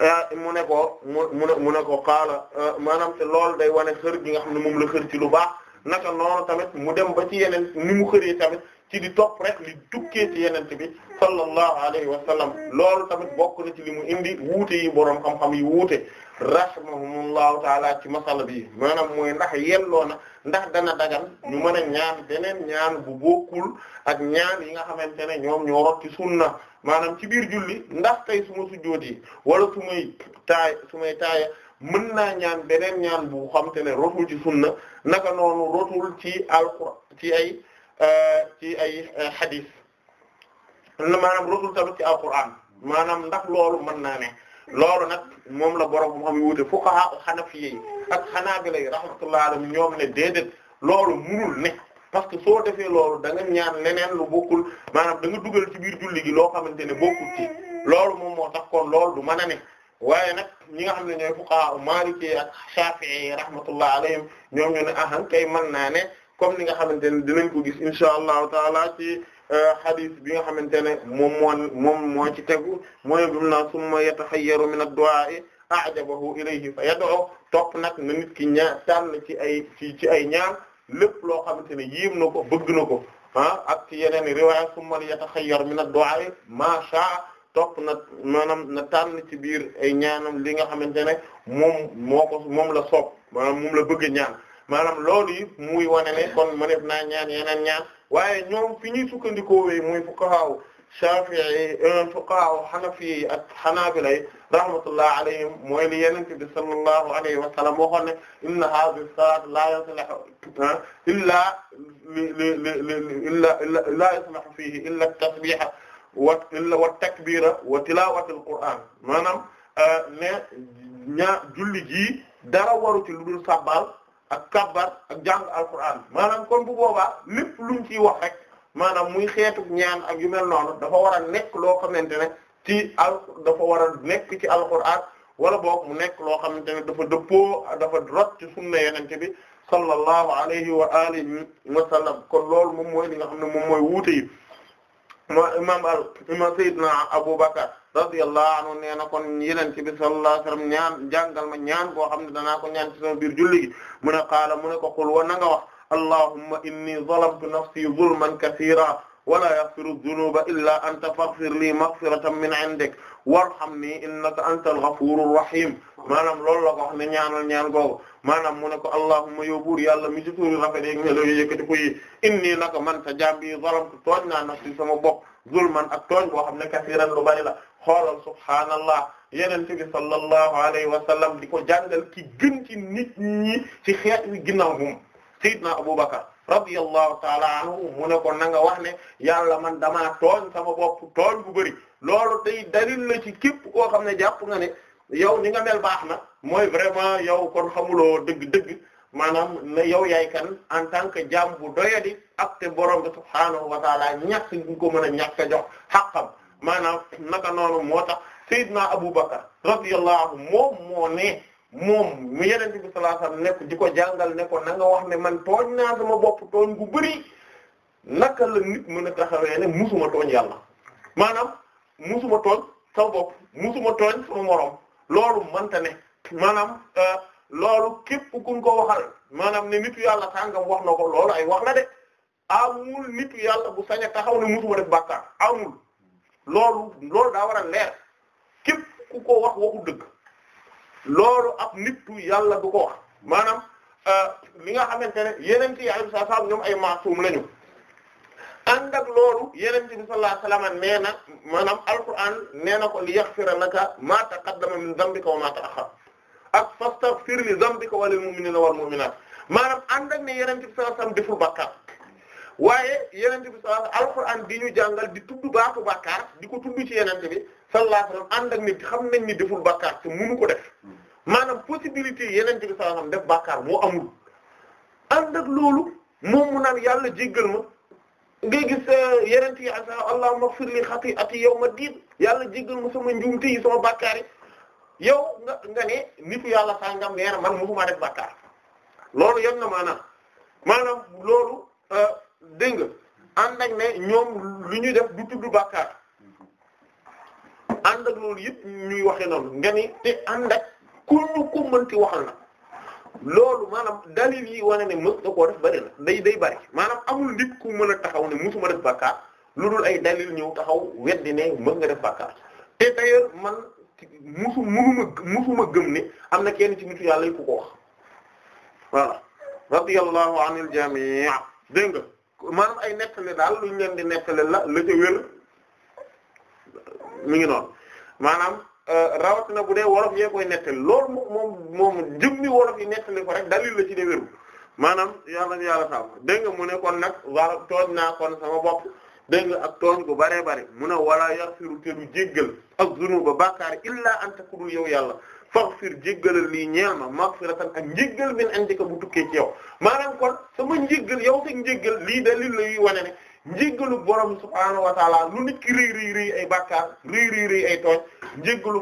euh, mu ne ko mu mu ne ko xaala euh, maanaam loolu day wane xër gi nga xam ne moom la xër ci lu baax naka noonu tamit mu dem ba ci yeneen ni mu xëree tamit ci di topp rek li dukke ci yenente bi sallallahu alayhi wa sallam loolu tamit bokk na ci li mu indi wuute yi boroom xam-xam yi wuute rahimahumullahu taala ci masala bi maanaam mooy ndax yelloo na ndax dana dagan ñu mën a ñaan beneen ñaan bu bokkul ak ñaan yi nga xamante ne ñoom ñoo rot ci sunna maanaam ci biir julli ndax tey su ma sujjóoti wala su may su may taaya mën naa ñaan beneen ñaan bu xam te ne rotul ci sunna naka noonu rotul ci alquraan ci ay ci ay hadith maanaam rëddul tamit ci alquran maanaam ndax loolu mën naa ne loolu nag moom la borom xam wuute fuqaha hanafiyyi ak hanabila rahmatullahi alayhim ñoom ne déedéet loolu munul ne parce que soo defee loolu danga nga ñaan leneen lu bokkul maanaam da nga dugal ci biir julli gi loo xamante ne bokkul ci loolu moom moo tax lool loolu du mën a ne waaye nag ñi nga xam ne ñooy fuqaha Maliki ak Shafi'i rahmatullahi alayhim ñoom ñu ne ahan naa ne. comme ni nga xamante ne dinañ ko gis insha allahu taala ci euh, hadith bi nga xamante ne moom moo moom moo ci tegu mooy bi mu naan summa yatahayyaru min ad-du'a'i a'jabahu ilayhi fa yad'u topp nag na nit ki ñaar tànn ci ay ci ci ay ñaar lépp loo xamante ne yéem na ko bëgg na ko ah ak ci yeneen riwaaya summa yatakhayyaru min ad-du'a'i ma sha'a topp na maanaam na tànn ci biir ay ñaanam li nga xamante ne moom moo ko moom la soob maanaam moom la bëgg ñaan maanaam loolu yi muy wane ne kon mëneef naa ñaan yeneen ñaan waaye ñoom fi ñuy sukkandikoowee muy fuqahaa Shafi'i euh, fuqahaa Hanafi ak Hanabila rahmatullah alayhim mooy li Yonent bi sallallahu alayhi wa sallam waxoon ne inna hadhihi as-salata la yuslihu illa illa la yuslihu fihi illa at-tasbih wa illa wat-takbira wa tilawati al-Qur'an maanaam euh, ne ñaa julli ji dara waru ci lu dul sabbal ak kabbar ak jàng alquran maanaam kon bu boobaa lépp luñ ciy wax rek maanaam muy xeetu ñaan ak yu mel noonu dafa war a nekk loo xamante ne ci al dafa war a nekk ci alquran wala boog mu nekk loo xamante ne dafa dëppoo dafa rot ci sunna yenente bi sallallahu alayhi wa alihi wa sallam kon loolu moom mooy li nga xam ne moom mooy wuute yi imam al imam sayyidina Abu Bakar radiyallahu anhu nee na kon yeneen ci bi sallallahu alayhi wasallam ñaan jàngal ma ñaan boo xam ne danaa ko ñaan ci sama biir julli gi mu ne qaala mu ne ko qul wa na nga wax allahumma inni zalamtu nafsi zulman kathiran wa la yaghfiru dhunuba illa anta faghfir li maghfiratan min 'indik warhamni innaka antal ghafurur rahim maanaam loolu la ko wax ne ñaanal ñaan googu maanaam mu ne ko allahumma yow buur yàlla mi ci tuuri rafet yi nga looyu yëkkati ko yi inni na man sa jambi zalamtu tooñ naa nafsi sama bopp zulman ak tooñ boo xam ne kasiran lu bari la xoolal subhaanallah yenente bi sallallahu alayhi wa sallam di ko jàngal ci gën ci nit ci xeet wi ginnaaw moom sayyidna abubakar radiyallahu taala anhu mu ne ko na nga wax ne yàlla man dama tooñ sama bopp tooñ bu bëri loolu day dalil la ci képp koo xam ne jàpp nga ne yow ni nga mel baax na mooy vraiment yow kon xamuloo dëgg-dëgg maanaam ne yow yaay kan en tant que jaam bu doyadi ak te borom bi subhaanahu wa taala ñàkk ñu ko mën a ñàkk a jox xaqam maanaam naka noonu moo tax Seydina Aboubacar radiyallahu moom moo ne moom mu yeneen bi sallallahu alayhi wasallam nekk di ko jàngal ne ko na nga wax ne man tooñ naa sama bopp tooñ gu bëri naka la nit mën a taxawee ne musuma tooñ yàlla maanaam musuma tooñ sama bopp musuma tooñ sama moroom loolu mënta ne maanaam euh, loolu képp kuñ ko waxal maanaam ne nitu yàlla sàngam wax na ko loolu ay wax la de amul nitu yàlla bu sañ a taxaw ne musuma def bàkkaar amul loolu loolu daa war a leer képp ku ko wax waxu dëgg loolu ab nitu yàlla du ko wax maanaam euh, li nga xamante ne yeneen ci yàlla saa saa ñoom ay maasum lañu. and ak loolu yeneen bi sallallahu alayhi wasallam nee na maanaam nee na ko li yaghfira laka ma taqaddama min dhanbika wa ma ta'akhkhara ak fastaghfir li dhanbika wa lil mu'minina wal mu'minat maanaam ànd ak ne yeneen bi sallallahu alayhi wasallam deful bàkkaar waaye yeneen bi sallallahu alayhi wasallam alquran ñu jàngal di tudd baatu bàkkaar di ko tudd ci yeneen bi sallallahu alayhi wasallam ànd ak ne xam nañ ni deful bàkkaar te mënu ko def maanaam possibilité yeneen bi sallallahu alayhi def bàkkaar moo amul ànd ak loolu mu naan yàlla jéggal ma ngay gis euh, yeneen yi ak allahumma ighfir li xati'ati yawma diin yàlla jéggal ma sama njuumte yi sama bàkkaar yi yow nga nga ne nitu yàlla sangam nee na man mosuma def bàkkaar loolu yem na maanaam maanaam loolu euh, dégg nga ànd ak ne ñoom lu ñuy def du tudd bàkkaar ànd loolu yëpp ñuy waxe noonu nga ni te ànd ak ku mënti waxal na. loolu maanaam dalil yi wane ne mës na koo def bari na day day bari maanaam amul nit ku mën a taxaw ne mësuma def bàkkaar lu dul ay dalil ñëw taxaw weddi ne mës nga def bàkkaar te d'ailleurs man mësu mënuma mësuma gëm ne am na kenn ci nitu yàlla yi ko wax voilà radiyallahu anil jami' dégg nga maanaam ay nettali daal luñ leen di nettali la la ca wér mi ngi noonu maanaam euh, rawatina bu dee wolof yee koy nettali loolu moom moom jëm ni wolof yi nettali ko rek dalil la ci ne wéru maanaam yàlla yàlla sàmm dégg nga mu ne kon nag wala tooñ naa kon sama bopp dégg nga ak tooñ gu bare bare mu ne wala yaghfiru te du jéggal ak zunuba bàkkaar illaa anta ku dul yow yàlla faghfir jéggalal lii ñeel ma maghfiratan a njéggal min indika bu tukkee ci yow maanaam kon sama njéggal yow sa njéggal lii dalil la yuy wane ne njéggalu borom subhaanahu wa taala lu nit ki rëy ay bàkkaar rëy rëy rëy ay tooñ njéggalu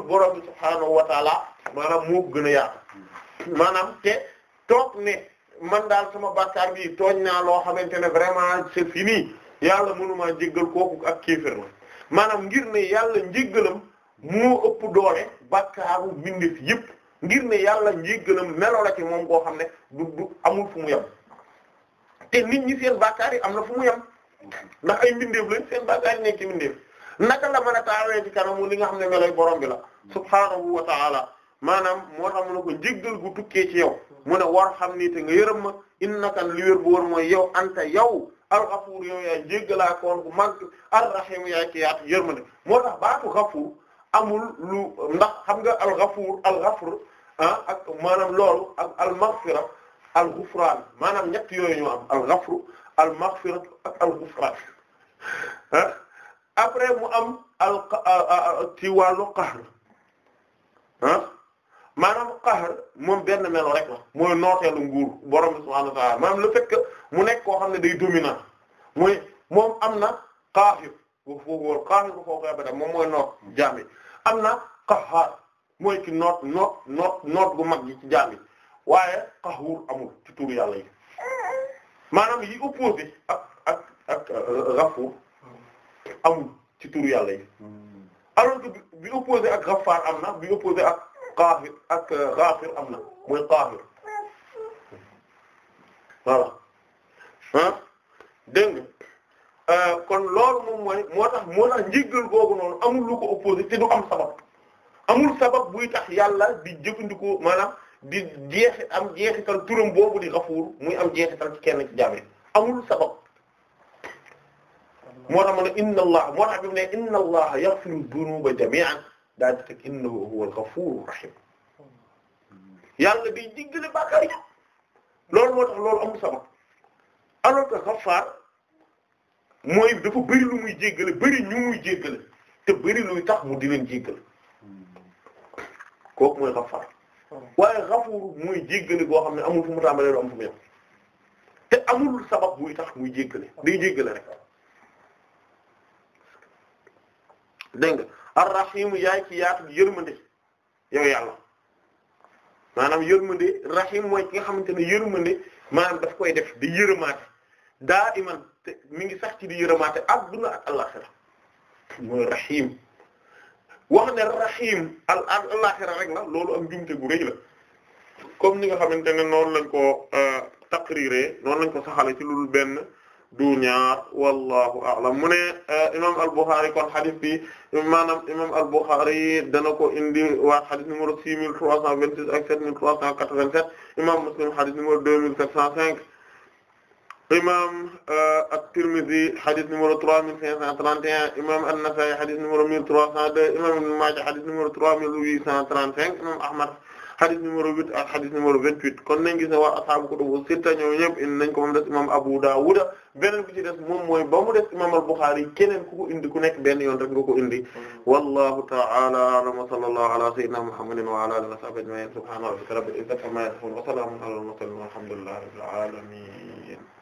maanaam moo gën a yaatu maanaam te toog ne man daal sama bàkkaar bi tooñ naa loo xamante ne vraiment c'est fini yàlla mënuma jéggal kooku ak kéefër la maanaam ngir ne yàlla njéggalam moo ëpp doole bàkkaaru mbindeef yépp ngir ne yàlla njéggalam melo la ci moom goo xam ne du amul fu mu yem te nit ñi seen bàkkaar yi am na fu mu yem ndax ay mbindeef lañ seen bàkkaar yi nekk ci naka la mën a taawee ci kanamu li nga xam ne meloy borom bi maanaam moo tax mu ne ko njéggal gu tukkee ci yow mu ne war xam ni te nga yërëm ma innaka li wér bu mooy yow anta yow al-Ghafuur yow yaay njéggalaa koon bu mag ar-Rahiim yaay ki yaatu yërmande moo tax baatu Ghafuur amul lu ndax xam nga al-Ghafuur al-Ghafr ah ak maanaam loolu al-Maghfira al-Ghufraan maanaam ñett yooyu ñu am al-Ghafr al-Maghfira al-Ghufraan ah maanaam qahr moom benn melo rek la mooy nooteelu nguur borom subhaanahu wa maanaam le fait mu nekk koo xam ne day dominant mooy moom am na qaahir boo ko wóor qaahir boo ko xeebata moom mooy noot jaam am na qahhaar mooy ci noot noot noot noot gu mag yi ci jaam waaye qahhuur amul ci turu yàlla yi maanaam yi opposé ak ak ak euh, ci turu yàlla yi hmm. am na bi opposé ak qaahir ak euh, ghaafir am na mooy qaahir voilà ah dégg euh, kon loolu moom mooy moo tax moo tax googu noonu am lu ko opposé te du am sabab amul sabab buy tax yàlla di jëfandikoo maanaam di jeexi am jeexital turam boobu di Gafuur muy am jeexital ci kenn ci jaam amul sabab moo tax ma ne inna allah moo tax bi mu ne inna allah yaghfiru dunuba jami'an daal di teg innahu huwal ghafurur rahim yàlla day jéggale bàkkaar yi moo tax loolu amul sama alors que Ghaffar mooy dafa bëri lu muy jéggale bëri ñu muy jéggale te bëri luy tax mu di leen jéggale kooku mooy Ghaffar waaye Ghafur mooy jéggale goo xam ne amul fu mu tàmbalee lu am fu mu yem te amul sabab buy tax muy jéggale day jéggale rek ar-rahimu yaay ci yaatu yërmande yow yàlla maanaam yërmande rahim mooy ki nga xamante ne yërmande maanaam daf koy def di yërëmaate daa iman mi ngi sax ci di yërëmaate adduna ak àllaxira rahim wax ne rahim al rek la loolu am jumte gu rëy la comme ni nga xamante ne noonu lañ ko euh, taqriree noonu lañ ko saxale ci loolu benn du ñaar wallahu a'lam mu ne euh, imam al-Bukhari kon hadith bi maanaam imam al-Bukhari dana ko indi waa hadith numéro 6326 ak 7387 imam Muslim hadith numéro 2705 imam euh, at-Tirmidhi hadith numéro 3531 imam an-Nasa'i hadith numéro 1302 imam Ibn Majah hadith numéro 3835 imam Ahmad xadis numéro 8 ak xadis numéro 28 kon nañ gis ne waa ashaabu kutubu sitta ñoo ñëpp indi ko moom des imam Abu Dawud beneen bi des moom mooy ba mu des imam al-Bukhari keneen ku ko ku nekk benn yoon rek nga ko indi wallahu ta'ala a'lam wa sallallahu ala wa ala alihi wa sahbihi wa salamun ala alamin